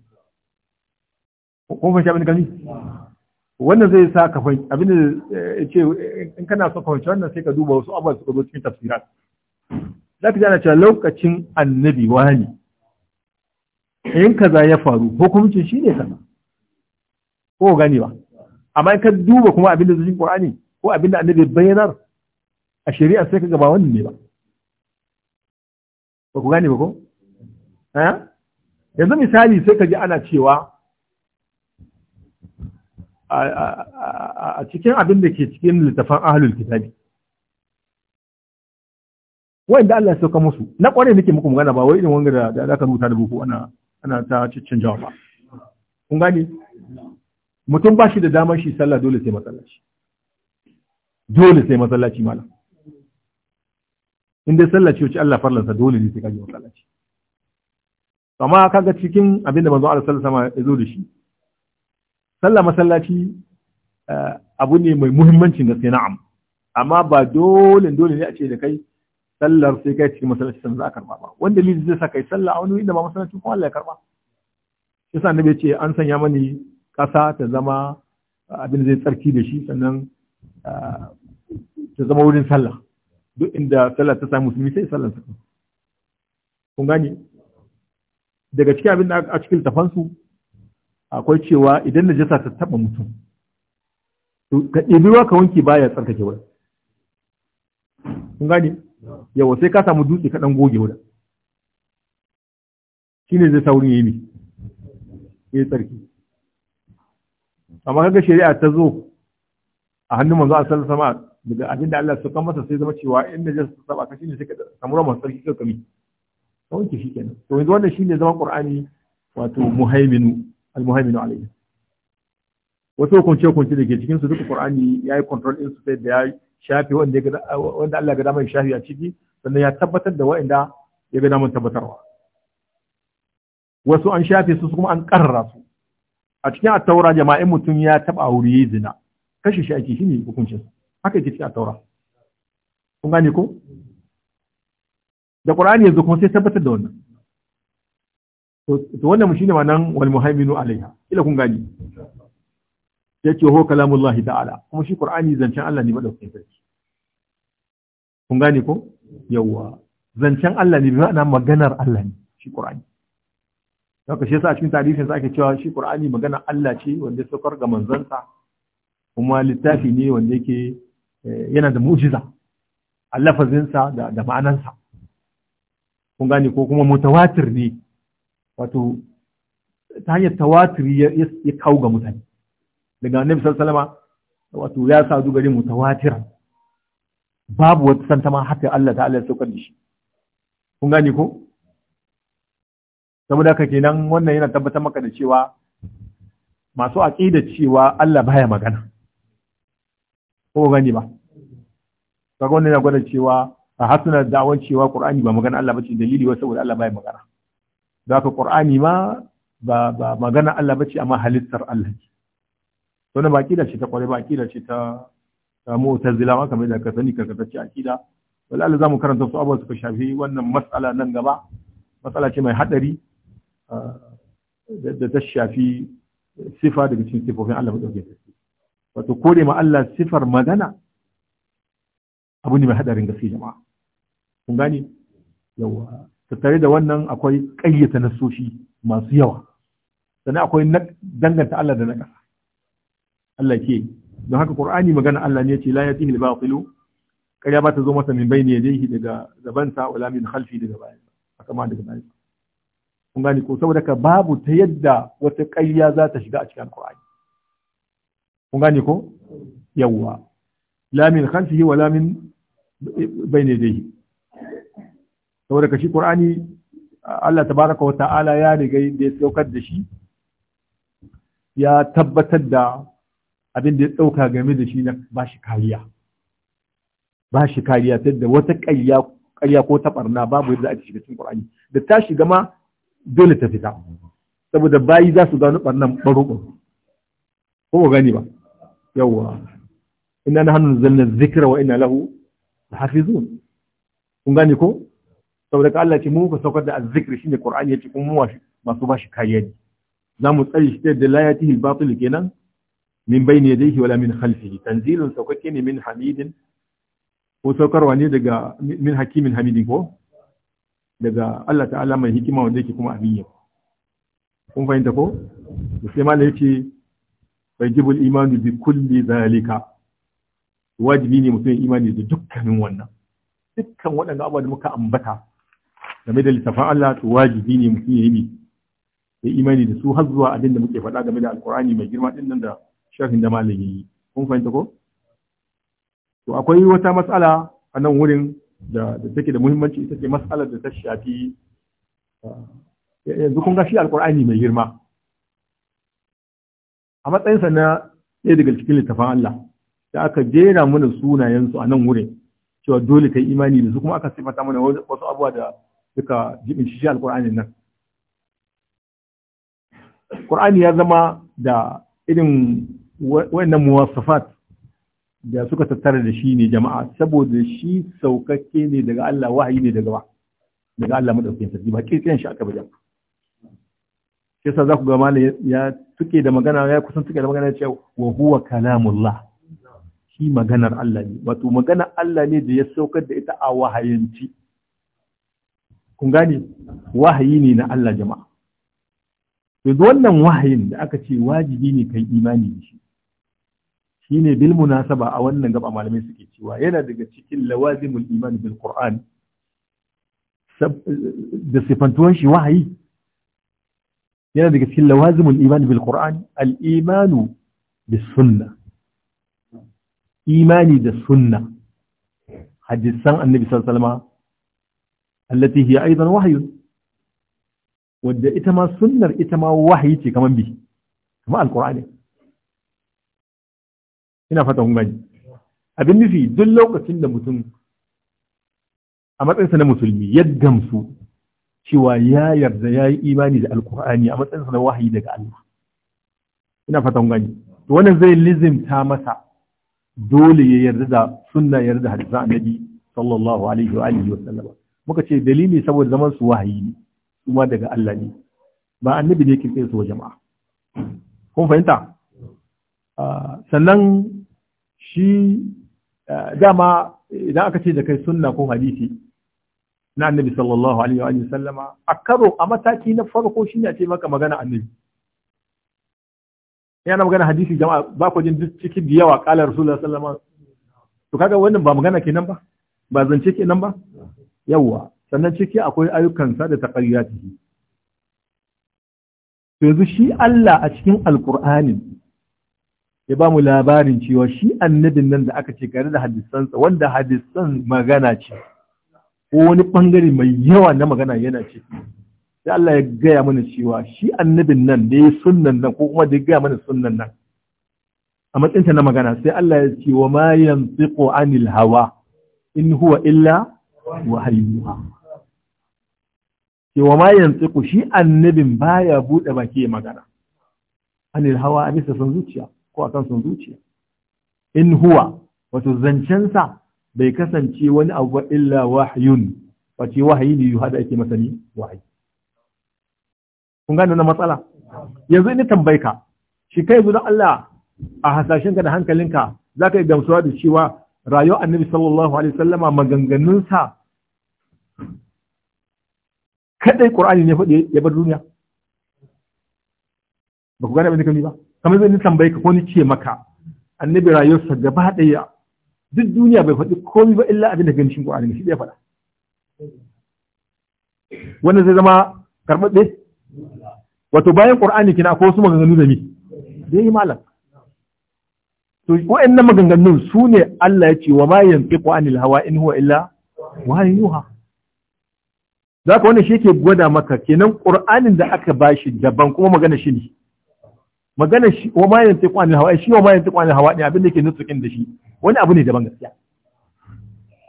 Speaker 1: Ko fahimci abin gani wannan zai sa ka fahimci abin da eh, yace eh, in kana so ka fahimci wannan sai ka duba wasu abubuwa suka zo cikin tafsirat za ka ana cewa lokacin annabi wani in kaza ya faru hukuncin shine kaza ko gani ba amma in ka duba kuma abin da zai cikin Qur'ani ko abin da annabi bayyanar a shari'a sai ka gaba wannan ne ba ba ku gane ba ko eh yanzu misali sai ka ji ana cewa a cikin abin da ke cikin littafan ahlul kitabi wanda Allah ya sauka musu na kware nake muku magana ba wai irin wanga da aka rubuta da buku ana ana ta cin ba kun gane mutum ba shi da damar shi sallah dole sai masallaci dole sai masallaci malam in dai sallah ce wuce Allah farlansa dole ne sai kaji je masallaci amma kaga cikin abin da manzon Allah sallallahu alaihi wasallam ya zo da shi sallah masallaci eh, abu ne mai muhimmancin gaske na'am amma ba dole dole ne a ce da kai sallar sai kai cikin masallaci sannan za ka karba ba wanda ni zai sa kai sallah a wani inda ba masallaci kuma Allah ya karba yasa annabi ya ce an sanya mani ƙasa ta zama ah, abin zai tsarki da shi sannan ah, ta zama wurin sallah duk inda sallah ta samu musulmi sai sallah ta kun gani daga cikin abin da a cikin tafansu akwai cewa idan najasa ta taba mutum to ka ɗebi ruwa ka wanke baya tsarkake wurin kun gani yawa sai ka samu dutse ka ɗan goge wurin shine zai saurin yi ne ya tsarki amma kaga shari'a ta zo a hannun manzo a sallar sama daga abin da Allah suka masa sai zama cewa inda da jinsu saba ka shine sai ka samu ramar sarki ka kami ka wanke shi kenan to yanzu wannan shine zama qur'ani wato muhaiminu almuhaiminu muhaiminu wato wasu hukunce hukunce da ke cikin su duka qur'ani yayi control din su sai da ya shafi wanda ga wanda Allah ya gada mai shafi a ciki sannan ya tabbatar da wa'anda ya gada mun tabbatarwa wasu an shafe su kuma an karrara su a cikin attaura jama'in mutum ya taba aure yayi zina kashe shi ake shine hukuncin haka yake cikin attaura kun gane ko da qur'ani yanzu kuma sai tabbatar da wannan to wannan shine ma'anan wal muhaiminu alaiha ila kun gane yake ho kalamullahi ta'ala kuma shi qur'ani zancen Allah ne madaukakin sarki kun gane ko yawa zancen Allah ne bi ma'ana maganar Allah ne shi qur'ani Haka shi yasa cikin tarihin ake cewa shi Qur'ani magana Allah ce wanda ya saukar ga manzansa kuma littafi ne wanda yake eh, yana da mu'jiza a lafazinsa da da ma'anansa. Kun gane ko kuma mutawatir ne wato ta hanyar tawatiri ya kawo ga mutane. Daga Annabi sallallahu alaihi wato ya sa gare mutawatir. Babu wata santa ma haka Allah ta'ala ya saukar da shi. Kun gane ko? saboda haka kenan wannan yana tabbatar maka da cewa masu aqida cewa Allah baya magana ko gani ba kaga wannan yana gwada cewa a hasuna da'awar cewa Qur'ani ba magana Allah bace dalili wai saboda Allah baya magana da haka Qur'ani ma ba ba magana Allah bace amma halittar Allah ce to na aqida ce ta kware ba aqida ce ta ta zila? ma kamar da ka sani ka kace aqida wala Allah zamu karanta su abubuwa suka shafi wannan mas'ala nan gaba matsala ce mai haɗari da ta shafi sifa daga cikin sifofin Allah ta ce. wato kore ma Allah sifar magana abu ne mai hadarin gaske jama'a kun gane yawa tattare da wannan akwai ƙayyata nasoshi masu yawa sannan akwai danganta Allah da na ƙasa Allah ke don haka ƙur'ani magana Allah ne ce la yatihi ba filo, ƙarya ba ta zo masa min bai ne daga zabanta wala min khalfi daga bayan haka ma daga bayan kun gani ko saboda ka babu ta yadda wata ƙayya za ta shiga a cikin Alƙur'ani? kun gani ko yawwa lamin khalfihi wa lamin bayne dai saboda ka shi qur'ani Allah tabaraka wa ta'ala ya riga da ya saukar da shi ya tabbatar da abin da ya dauka game da shi na ba shi kariya Ba shi kariya ta da wata ƙayya ƙarya ko ta barna babu yadda a shiga cikin qur'ani da ta shiga ma dole ta fita saboda bayi za su gano ɓarnan ɓaro ko ba gani ba yawwa ina na hannun zanna zikira wa ina lahu da zuwa kun gani ko saboda ka Allah ce mu ka saukar da ne shine qur'ani ce, kuma mu masu bashi kayyadi. ne za mu tsari shi da layatihi al-batil kenan min bayni yadayhi wala min khalfihi tanzilun saukake ne min hamidin ko saukarwa ne daga min hakimin hamidin ko daga Allah ta'ala mai hikima wanda yake kuma abin yau kun fahimta ko sai ma bai wajibul imani bi kulli zalika wajibi ne mutum imani da dukkanin wannan dukkan waɗanda abubuwa da muka ambata game da littafin Allah to wajibi ne mutum ya yi ya imani da su har zuwa abin da muke faɗa game da alkur'ani mai girma din nan da sharhin da malam yi kun fahimta ko to akwai wata matsala a nan wurin da take da muhimmanci ita ce mas'alar da ta shafi yanzu kun shi alkur'ani mai girma a matsayinsa na ɗaya daga cikin littafin Allah da aka jera mana sunayensu a nan wuri cewa dole ka yi imani da su kuma aka sifata mana wasu abubuwa da suka jibinci shi alkur'ani nan Qur'ani ya zama da irin wannan muwasafat da suka tattara da shi ne jama'a saboda shi saukakke ne daga Allah wahayi ne daga daga Allah madaukakin sarki ba kirkiran shi aka bajan sai sa za ku ga malai ya tuke da magana ya kusan tuke da magana ya ce wa huwa kalamullah shi maganar Allah ne wato magana Allah ne da ya saukar da ita a wahayanci kun gane wahayi ne na Allah jama'a to wannan wahayin da aka ce wajibi ne kai imani da shi Shi shine bil munasaba a wannan gaba malamai suke cewa yana daga cikin lawazimul iman bil qur'an da sifantuwan shi wahayi yana daga cikin lawazimul iman bil qur'an al imanu bis sunna imani da sunna hadisan annabi sallallahu alaihi wasallam allati hiya aidan wahyu wadda ita ma sunnar ita ma wahayi ce kaman bi kuma alqur'ani ina fata kun gani abin nufi duk lokacin da mutum a matsayinsa na musulmi ya gamsu cewa ya yarda ya yi imani da alkur'ani a matsayinsa na wahayi daga Allah ina fata kun gani wannan zai lizimta masa dole ya yarda da sunna ya yarda hadisan annabi sallallahu alaihi wa alihi wa sallama muka ce dalili saboda zaman su wahayi ne kuma daga Allah ne ba annabi ne tsaye su wa jama'a kun fahimta ah, sannan shi eh, dama idan aka ce da kai sunna ko hadisi na annabi sallallahu alaihi wa sallama a karo a mataki na farko ne a ce maka magana annabi yana magana hadisi jama'a ba ku jin ciki da yawa kala rasulullahi sallallahu alaihi to kaga wannan ba magana kenan ba ba zance kenan ba yawa sannan ciki akwai ayyukan sa da taqarriyatihi to yanzu shi Allah a cikin alqur'ani ya ba mu labarin cewa shi annabin nan da aka ce kare da hadisansa wanda hadisan magana ce ko wani bangare mai yawa na magana yana ce sai Allah ya gaya mana cewa shi annabin nan da ya sunnan nan ko kuma da ya gaya mana sunnan nan a matsayinta na magana sai Allah ya ce wa ma yantiqu anil hawa in huwa illa wahayyuha cewa ma yantiqu shi annabin baya bude baki magana anil hawa a bisa son zuciya ko kan son zuciya in huwa wato zancensa bai kasance wani abu illa wahyun wace wahayi ne yuha da ake masani kun gane na matsala yanzu ina tambaye ka shi kai zuwa Allah a hasashenka da hankalinka za ka yi gamsuwa da cewa rayuwar annabi sallallahu alaihi maganganun maganganunsa kadai ƙur'ani ne faɗi ya bar duniya ba ku gane abin da ba kamar zai tambaye ka ko ni ce maka annabi rayuwarsa gaba daya duk duniya bai faɗi komai ba illa abin da gani shi Qur'ani shi ya faɗa wannan zai zama karɓaɗe wato bayan ƙur'ani kina ko wasu maganganu da mi da yi malam to wa'annan maganganun su ne Allah ya ce wa ma yantiqu anil hawa in huwa illa wahyun yuha zaka wannan shi yake gwada maka kenan ƙur'anin da aka bashi daban kuma magana shi ne magana shi wa ma yanti kwani hawa shi wa ma yanti kwani hawa ne abin da yake nutsukin da shi wani abu ne daban gaskiya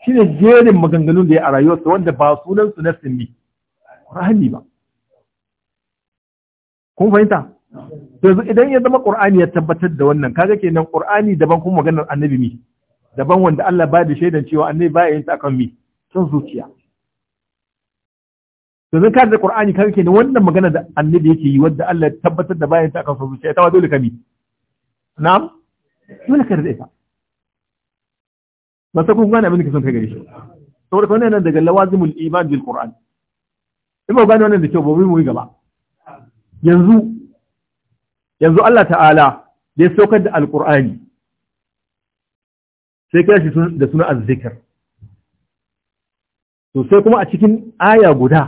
Speaker 1: shine jerin maganganun da ya a rayuwarsa wanda ba sunan su na sinmi Qur'ani ba kun fahimta yanzu idan ya zama Qur'ani ya tabbatar da wannan kaga kenan Qur'ani daban kuma maganar annabi mi daban wanda Allah ba da shaidan cewa annabi ba yin ta kan mi son zuciya zan ka da Qur'ani ka yake ne wannan magana da annabi yake yi wadda Allah ya tabbatar da bayan ta aka so zuciya ta dole ka bi na'am dole ka rida ita ba ta kun gane abin da son kai gare shi saboda kawai nan daga lawazimul iman bil Qur'an in ba gane wannan da kyau ba mu yi gaba yanzu yanzu Allah ta'ala ya saukar da alqur'ani sai kira shi da suna azzikr to sai kuma a cikin aya guda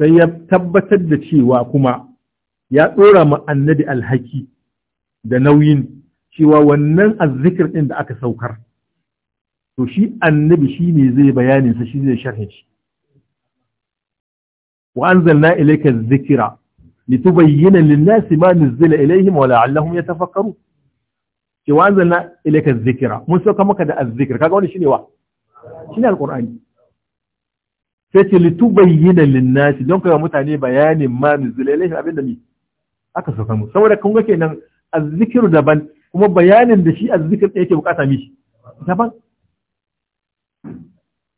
Speaker 1: sai ya tabbatar da cewa kuma ya ɗora ma annabi alhaki da nauyin cewa wannan azzikir ɗin da aka saukar to shi annabi shi ne zai sa shi zai sharhin shi wa anzalna ilayka dhikra litubayyana lin-nasi ma nuzila ilayhim wa la'allahum yatafakkaru cewa anzalna ilayka dhikra mun sauka maka da azzikir kaga wani shine wa shine alqur'ani sai ce bayyana linnasi don kawo mutane bayanin ma nuzula ilaihi abin da ni aka sauka mu saboda kun ga kenan azzikiru daban kuma bayanin da shi azzikir ɗaya ke bukata mishi daban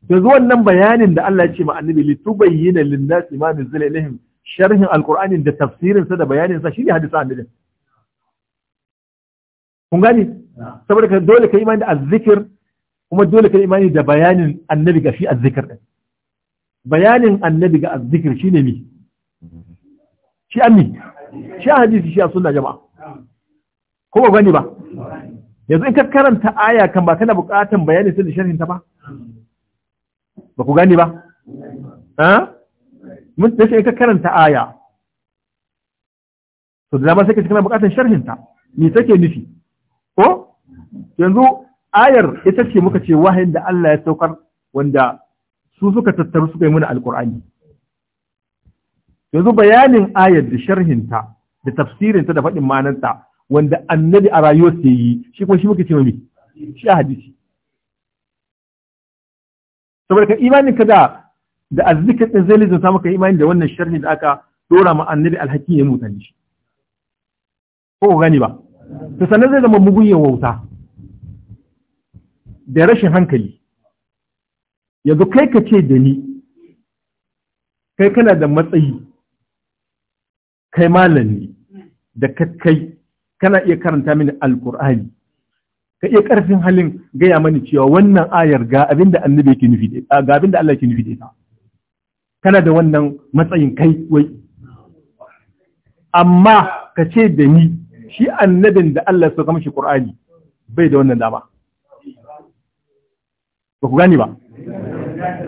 Speaker 1: yanzu wannan bayanin da Allah ya ce ma annabi bayyana linnasi ma nuzula ilaihim sharhin alqur'ani da tafsirin sa da bayanin sa shine hadisin annabi kun gani saboda dole kai imani da azzikir kuma dole kai imani da bayanin annabi ga shi azzikir ɗaya bayanin annabi ga azzikir shine mi shi ammi shi a hadisi shi a suna jama'a ko ba gani ba yanzu in ka karanta aya kan ba kana buƙatan bayani sun da sharhin ta ba ba ku gani ba ha mun tace in ka karanta aya to da ma sai ka kana buƙatan sharhin ta me take nufi ko yanzu ayar ita ce muka ce wahayin da Allah ya saukar wanda su suka tattaru suka yi mana alkur'ani yanzu bayanin ayar da sharhinta da tafsirinta da faɗin mananta wanda annabi a rayuwar ya yi shi kuma shi muka ce mami shi a hadisi saboda ka imanin ka da da azzikar ɗin zai samu maka imanin da wannan sharhi da aka dora ma annabi alhakin ya mutane shi ko ku gani ba to sannan zai zama mugun yawauta da rashin hankali yanzu kai ka ce da ni kai kana da matsayi kai malami da kai kana iya karanta mini alkur'ani ka iya karfin halin gaya mani cewa wannan ayar ga abinda annabi yake nufi da ga abinda Allah yake nufi da ita kana da wannan matsayin kai wai amma ka ce da ni shi annabin da Allah ya saka mishi Qur'ani bai da wannan dama ba ku gani ba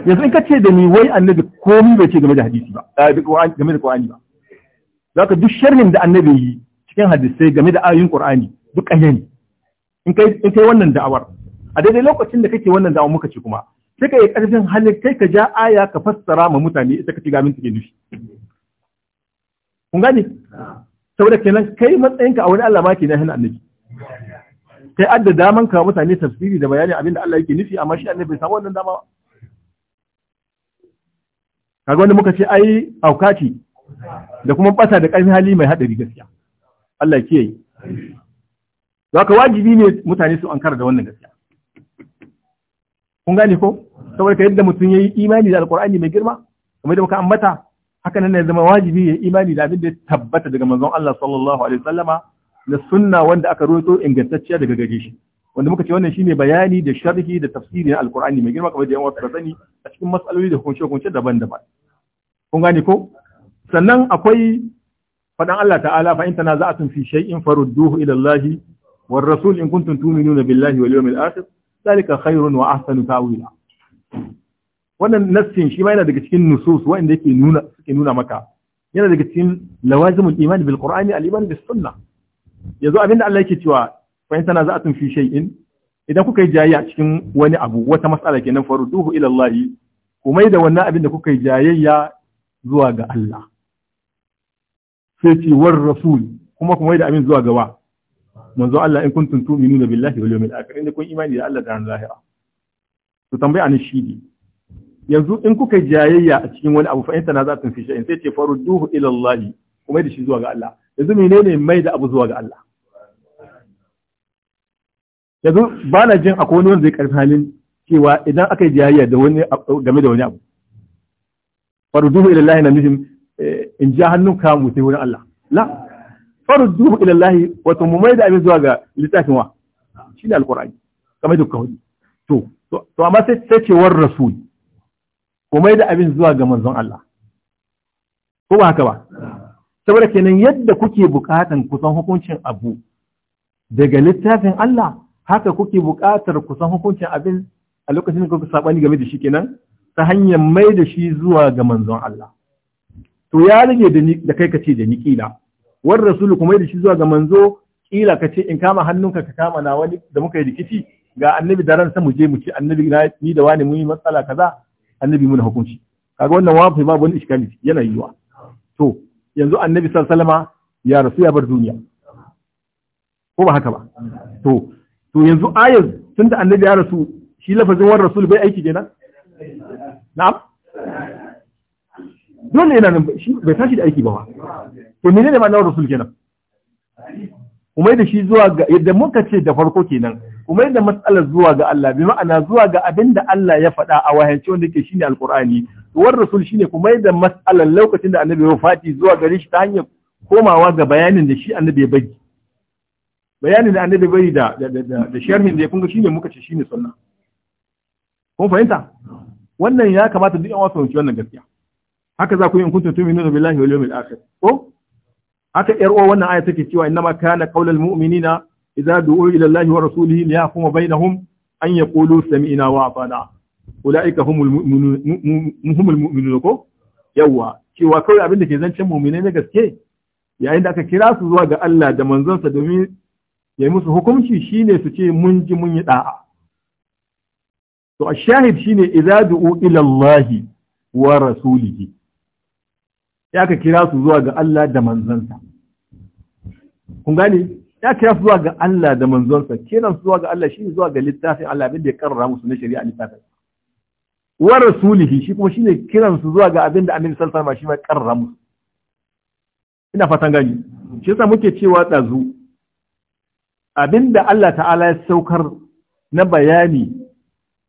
Speaker 1: yanzu in ka ce da ni wai annabi komi bai ce game da hadisi ba eh, game da qur'ani ba zaka duk sharhin da annabi yi cikin hadisai game da ayoyin qur'ani duk ƙarya ne in kai in kai wannan da'awar a daidai lokacin da kake wannan da'awar muka ce kuma sai ka yi ƙarfin halin kai ka ja aya ka fassara ma mutane ita ka ci gamin take nufi kun gane saboda kenan kai matsayinka a wani Allah ma ke na hana annabi kai adda daman ka mutane tafsiri da bayanin abin da Allah yake nufi amma shi annabi bai samu wannan dama ba kaga wanda muka ce ai auka ce da kuma basa da ƙarfin hali mai haɗari gaskiya Allah ya kiyaye haka wajibi ne mutane su ankara da wannan gaskiya kun gane ko saboda yadda mutum ya yi imani da alkur'ani mai girma kamar da muka ambata haka nan ya zama wajibi ya imani da abin da ya tabbata daga manzon Allah sallallahu alaihi wasallama da sunna wanda aka roto ingantacciya daga gare shi wanda muka ce wannan shine bayani da sharhi da tafsiri na alqur'ani mai girma kamar da yawa suka sani a cikin matsaloli da hukunce-hukunce daban-daban kun gane ko sannan akwai faɗan Allah ta'ala fa in tanaza'atum fi shay'in farudduhu ila Allah war rasul in kuntum tu'minuna billahi wal yawmil akhir zalika khairun wa ahsanu ta'wila wannan nassin shi ma yana daga cikin nusus wanda yake nuna suke nuna maka yana daga cikin lawazimul iman bil qur'ani al iman bis sunnah yanzu abinda Allah yake cewa Fahimta na in tanaza'tum fi shay'in idan kuka yi jayayya cikin wani abu wata mas'ala kenan faru duhu Allah ku mai da wannan abin da kuka yi jayayya zuwa ga Allah sai ce war rasul kuma kuma mai da abin zuwa ga wa manzo Allah in kuntum tu'minuna billahi wal yawmil akhir inda kun imani da Allah da ranar lahira to tambaya ne shi ne yanzu in kuka jayayya a cikin wani abu fa in tanaza'tum fi shay'in sai ce farudduhu ila Allah kuma da shi zuwa ga Allah yanzu menene mai da abu zuwa ga Allah yanzu ba na jin akwai wani wanda zai karfi halin cewa idan aka yi jayayya da wani game da wani abu farduhu ila Allah na nufin eh, in ji hannun ka mu wurin Allah la farduhu ila wato mu mai da abin zuwa ga littafin wa shi ne alkur'ani kamar da kawai to to amma sai sai cewar rasul mu mai da abin zuwa ga manzon Allah ko ba haka ba saboda kenan yadda kuke bukatan kusan hukuncin abu daga littafin Allah haka kuke buƙatar ku san hukuncin abin a lokacin da kuka sabani game da shi kenan ta hanyar mai da shi zuwa ga manzon Allah to ya rage da kai kace da ni war rasulu kuma da shi zuwa ga manzo ƙila ka ce in kama hannunka ka kama na wani da muka yi rikici ga annabi da ransa mu je mu ci annabi na ni da wani mun yi matsala kaza annabi mun hukunci kaga wannan wafi wani iskali yana yiwa to yanzu annabi sallallahu alaihi wasallama ya rasu ya bar duniya ko ba haka ba to to yanzu ayar tun da annabi ya rasu shi lafazin war rasul bai aiki kenan na'am dole yana nan shi bai tashi da aiki ba wa to ne ma na rasul kenan kuma da shi zuwa ga yadda muka ce da farko kenan kuma yadda matsalar zuwa ga Allah bi ma'ana zuwa ga abin da Allah ya faɗa a wahanci wanda yake shine alqur'ani war rasul shine kuma yadda matsalar lokacin da annabi ya fati zuwa gare shi ta hanyar komawa ga bayanin da shi annabi ya bagi bayani da annabi bai da da sharhin da ya kunga shine muka ce shine sunna kun fahimta wannan ya kamata duk yan wasu fahimci wannan gaskiya haka za ku yi in kuntum tu'minuna billahi wal yawmil akhir ko haka yar uwa wannan aya take cewa innama kana qaulal mu'minina idza du'u ila allahi wa rasulihi liyahkuma bainahum an yaqulu sami'na wa ata'na ulaika humul mu'minun humul mu'minun ko yawa cewa kawai abin da ke zancen mu'minai na gaske yayin da aka kira su zuwa ga Allah da manzonsa domin ya yi musu hukunci shine su ce mun ji mun yi da'a to ashahid shine idza du'u ila Allah wa rasulihi ya ka kira su zuwa ga Allah da manzansa kun gane ya kira su zuwa ga Allah da manzonsa kenan zuwa ga Allah shine zuwa ga littafin Allah abin da ya karrama musu na shari'a littafin wa rasulihi shi kuma shine kiran su zuwa ga abin da Annabi sallallahu alaihi wasallam shi ma karrama. musu ina fatan gani shi yasa muke cewa dazu abinda Allah ta'ala ya saukar na bayani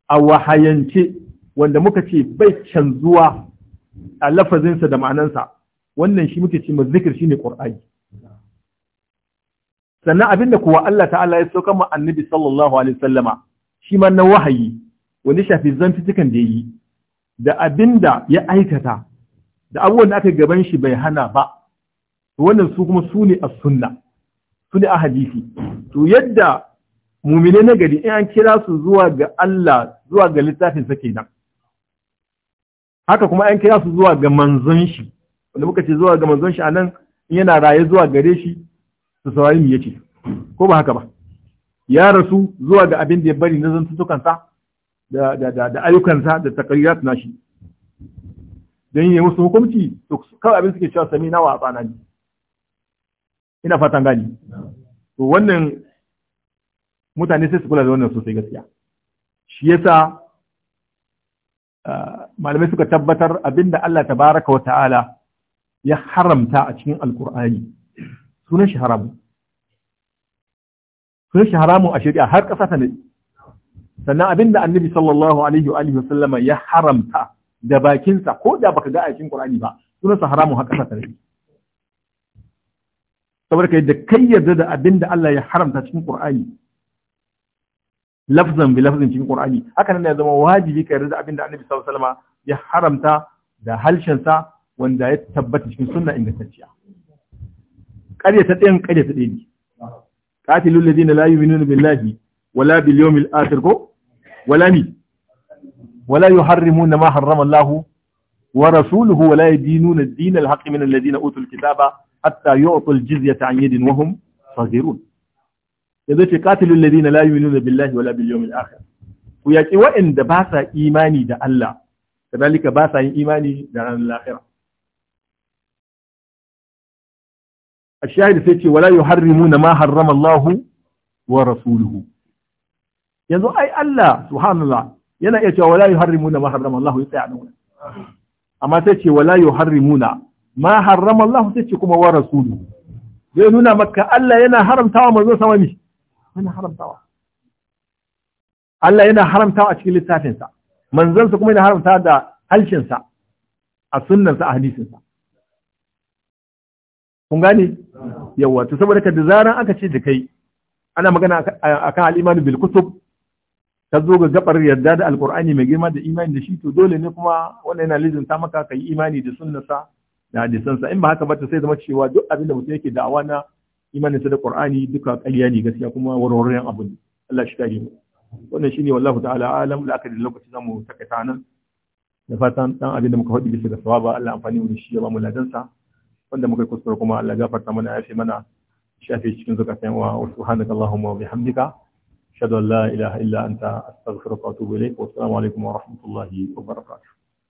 Speaker 1: a wahayance wanda muka ce bai canzuwa a lafazinsa da ma'anansa wannan shi muke ce ma zikir shine qur'ani sannan abinda kuwa Allah ta'ala ya saukar ma annabi sallallahu alaihi wasallama shi ma na wahayi wanda shafi zantutukan da yi da abinda ya aikata da abubuwan da aka gaban shi bai hana ba wannan su kuma su ne sunna su a hadisi to yadda mumine na gari in an kira su zuwa ga Allah zuwa ga littafin sa kenan haka kuma an kira su zuwa ga manzon shi wanda muka ce zuwa ga manzon shi anan yana raye zuwa gare shi su saurari mu yace ko ba haka ba ya rasu zuwa ga abin da ya bari na zantutukansa da da da da ayyukansa da takarirat nashi dan yi musu hukunci to kawai abin suke cewa sami wa a ina fatan gani to wannan mutane sai su kula da wannan sosai gaskiya shi yasa ah, malamai suka tabbatar abinda Allah tabaraka wa ta'ala ya haramta a cikin alkur'ani sunan shi haramu sunan shi haramu a shari'a har ƙasa ta nadi sannan abinda annabi sallallahu alaihi wa alihi wasallama ya haramta da bakinsa ko da baka ga a cikin qur'ani ba sunan sa haramu har ƙasa ta nadi saboda kai da kai yarda da abin da Allah ya haramta cikin Qur'ani lafzan bi lafzin cikin Qur'ani haka nan ya zama wajibi ka yarda da abin da Annabi sallallahu alaihi wasallam ya haramta da halshen sa wanda ya tabbata cikin sunna ingantacciya ƙarya ta ɗayan ƙarya ta ɗaya qatilul ladina la yu'minuna billahi wala bil yawmil akhir ko wala ni wala yuharrimuna ma harrama Allah wa rasuluhu wala yadinuna ad-din al-haqq min alladhina utul kitaba hatta yu'tul jizyata an yadin wa hum yi yazo ce qatilul ladina la yu'minuna billahi wala bil yawmil akhir ku yaki wa'anda ba sa imani da Allah kadalika ba sa yin imani da ranar lahira الشاهد سيتي ولا يحرمون ما حرم الله ورسوله yanzu ai Allah subhanallah yana iya cewa wala yuharrimuna ma harrama Allah yata'un amma sai ce wala yuharrimuna ma harrama Allah sai ce kuma wa rasulu zai nuna maka Allah yana haramtawa manzo sama ne yana haramtawa Allah yana haramtawa a cikin littafinsa sa kuma yana haramtawa da sa a sa a hadisinsa kun gane yawa to saboda ka da zaran aka ce da kai ana magana akan al iman bil kutub ka zo ga gabar yarda da alqur'ani mai girma da imani da shi to dole ne kuma wannan yana lizinta maka kai imani da sa da hadisansa in ba haka ba ta sai zama cewa duk abin da mutum yake da'awa na imanin sa da Qur'ani duka ƙarya ne gaskiya kuma warwarren abu ne Allah shi kare mu wannan shine wallahu ta'ala alam da aka da lokaci zamu takaita nan da fatan dan abin da muka faɗi bisa ga sawaba Allah amfani mu shi ya ba mu ladansa wanda muka kuskure kuma Allah gafarta mana yafe mana shafe cikin zakatan wa subhanakallahumma wa bihamdika أشهد أن لا إله إلا أنت أستغفرك وأتوب إليك والسلام wa rahmatullahi wa وبركاته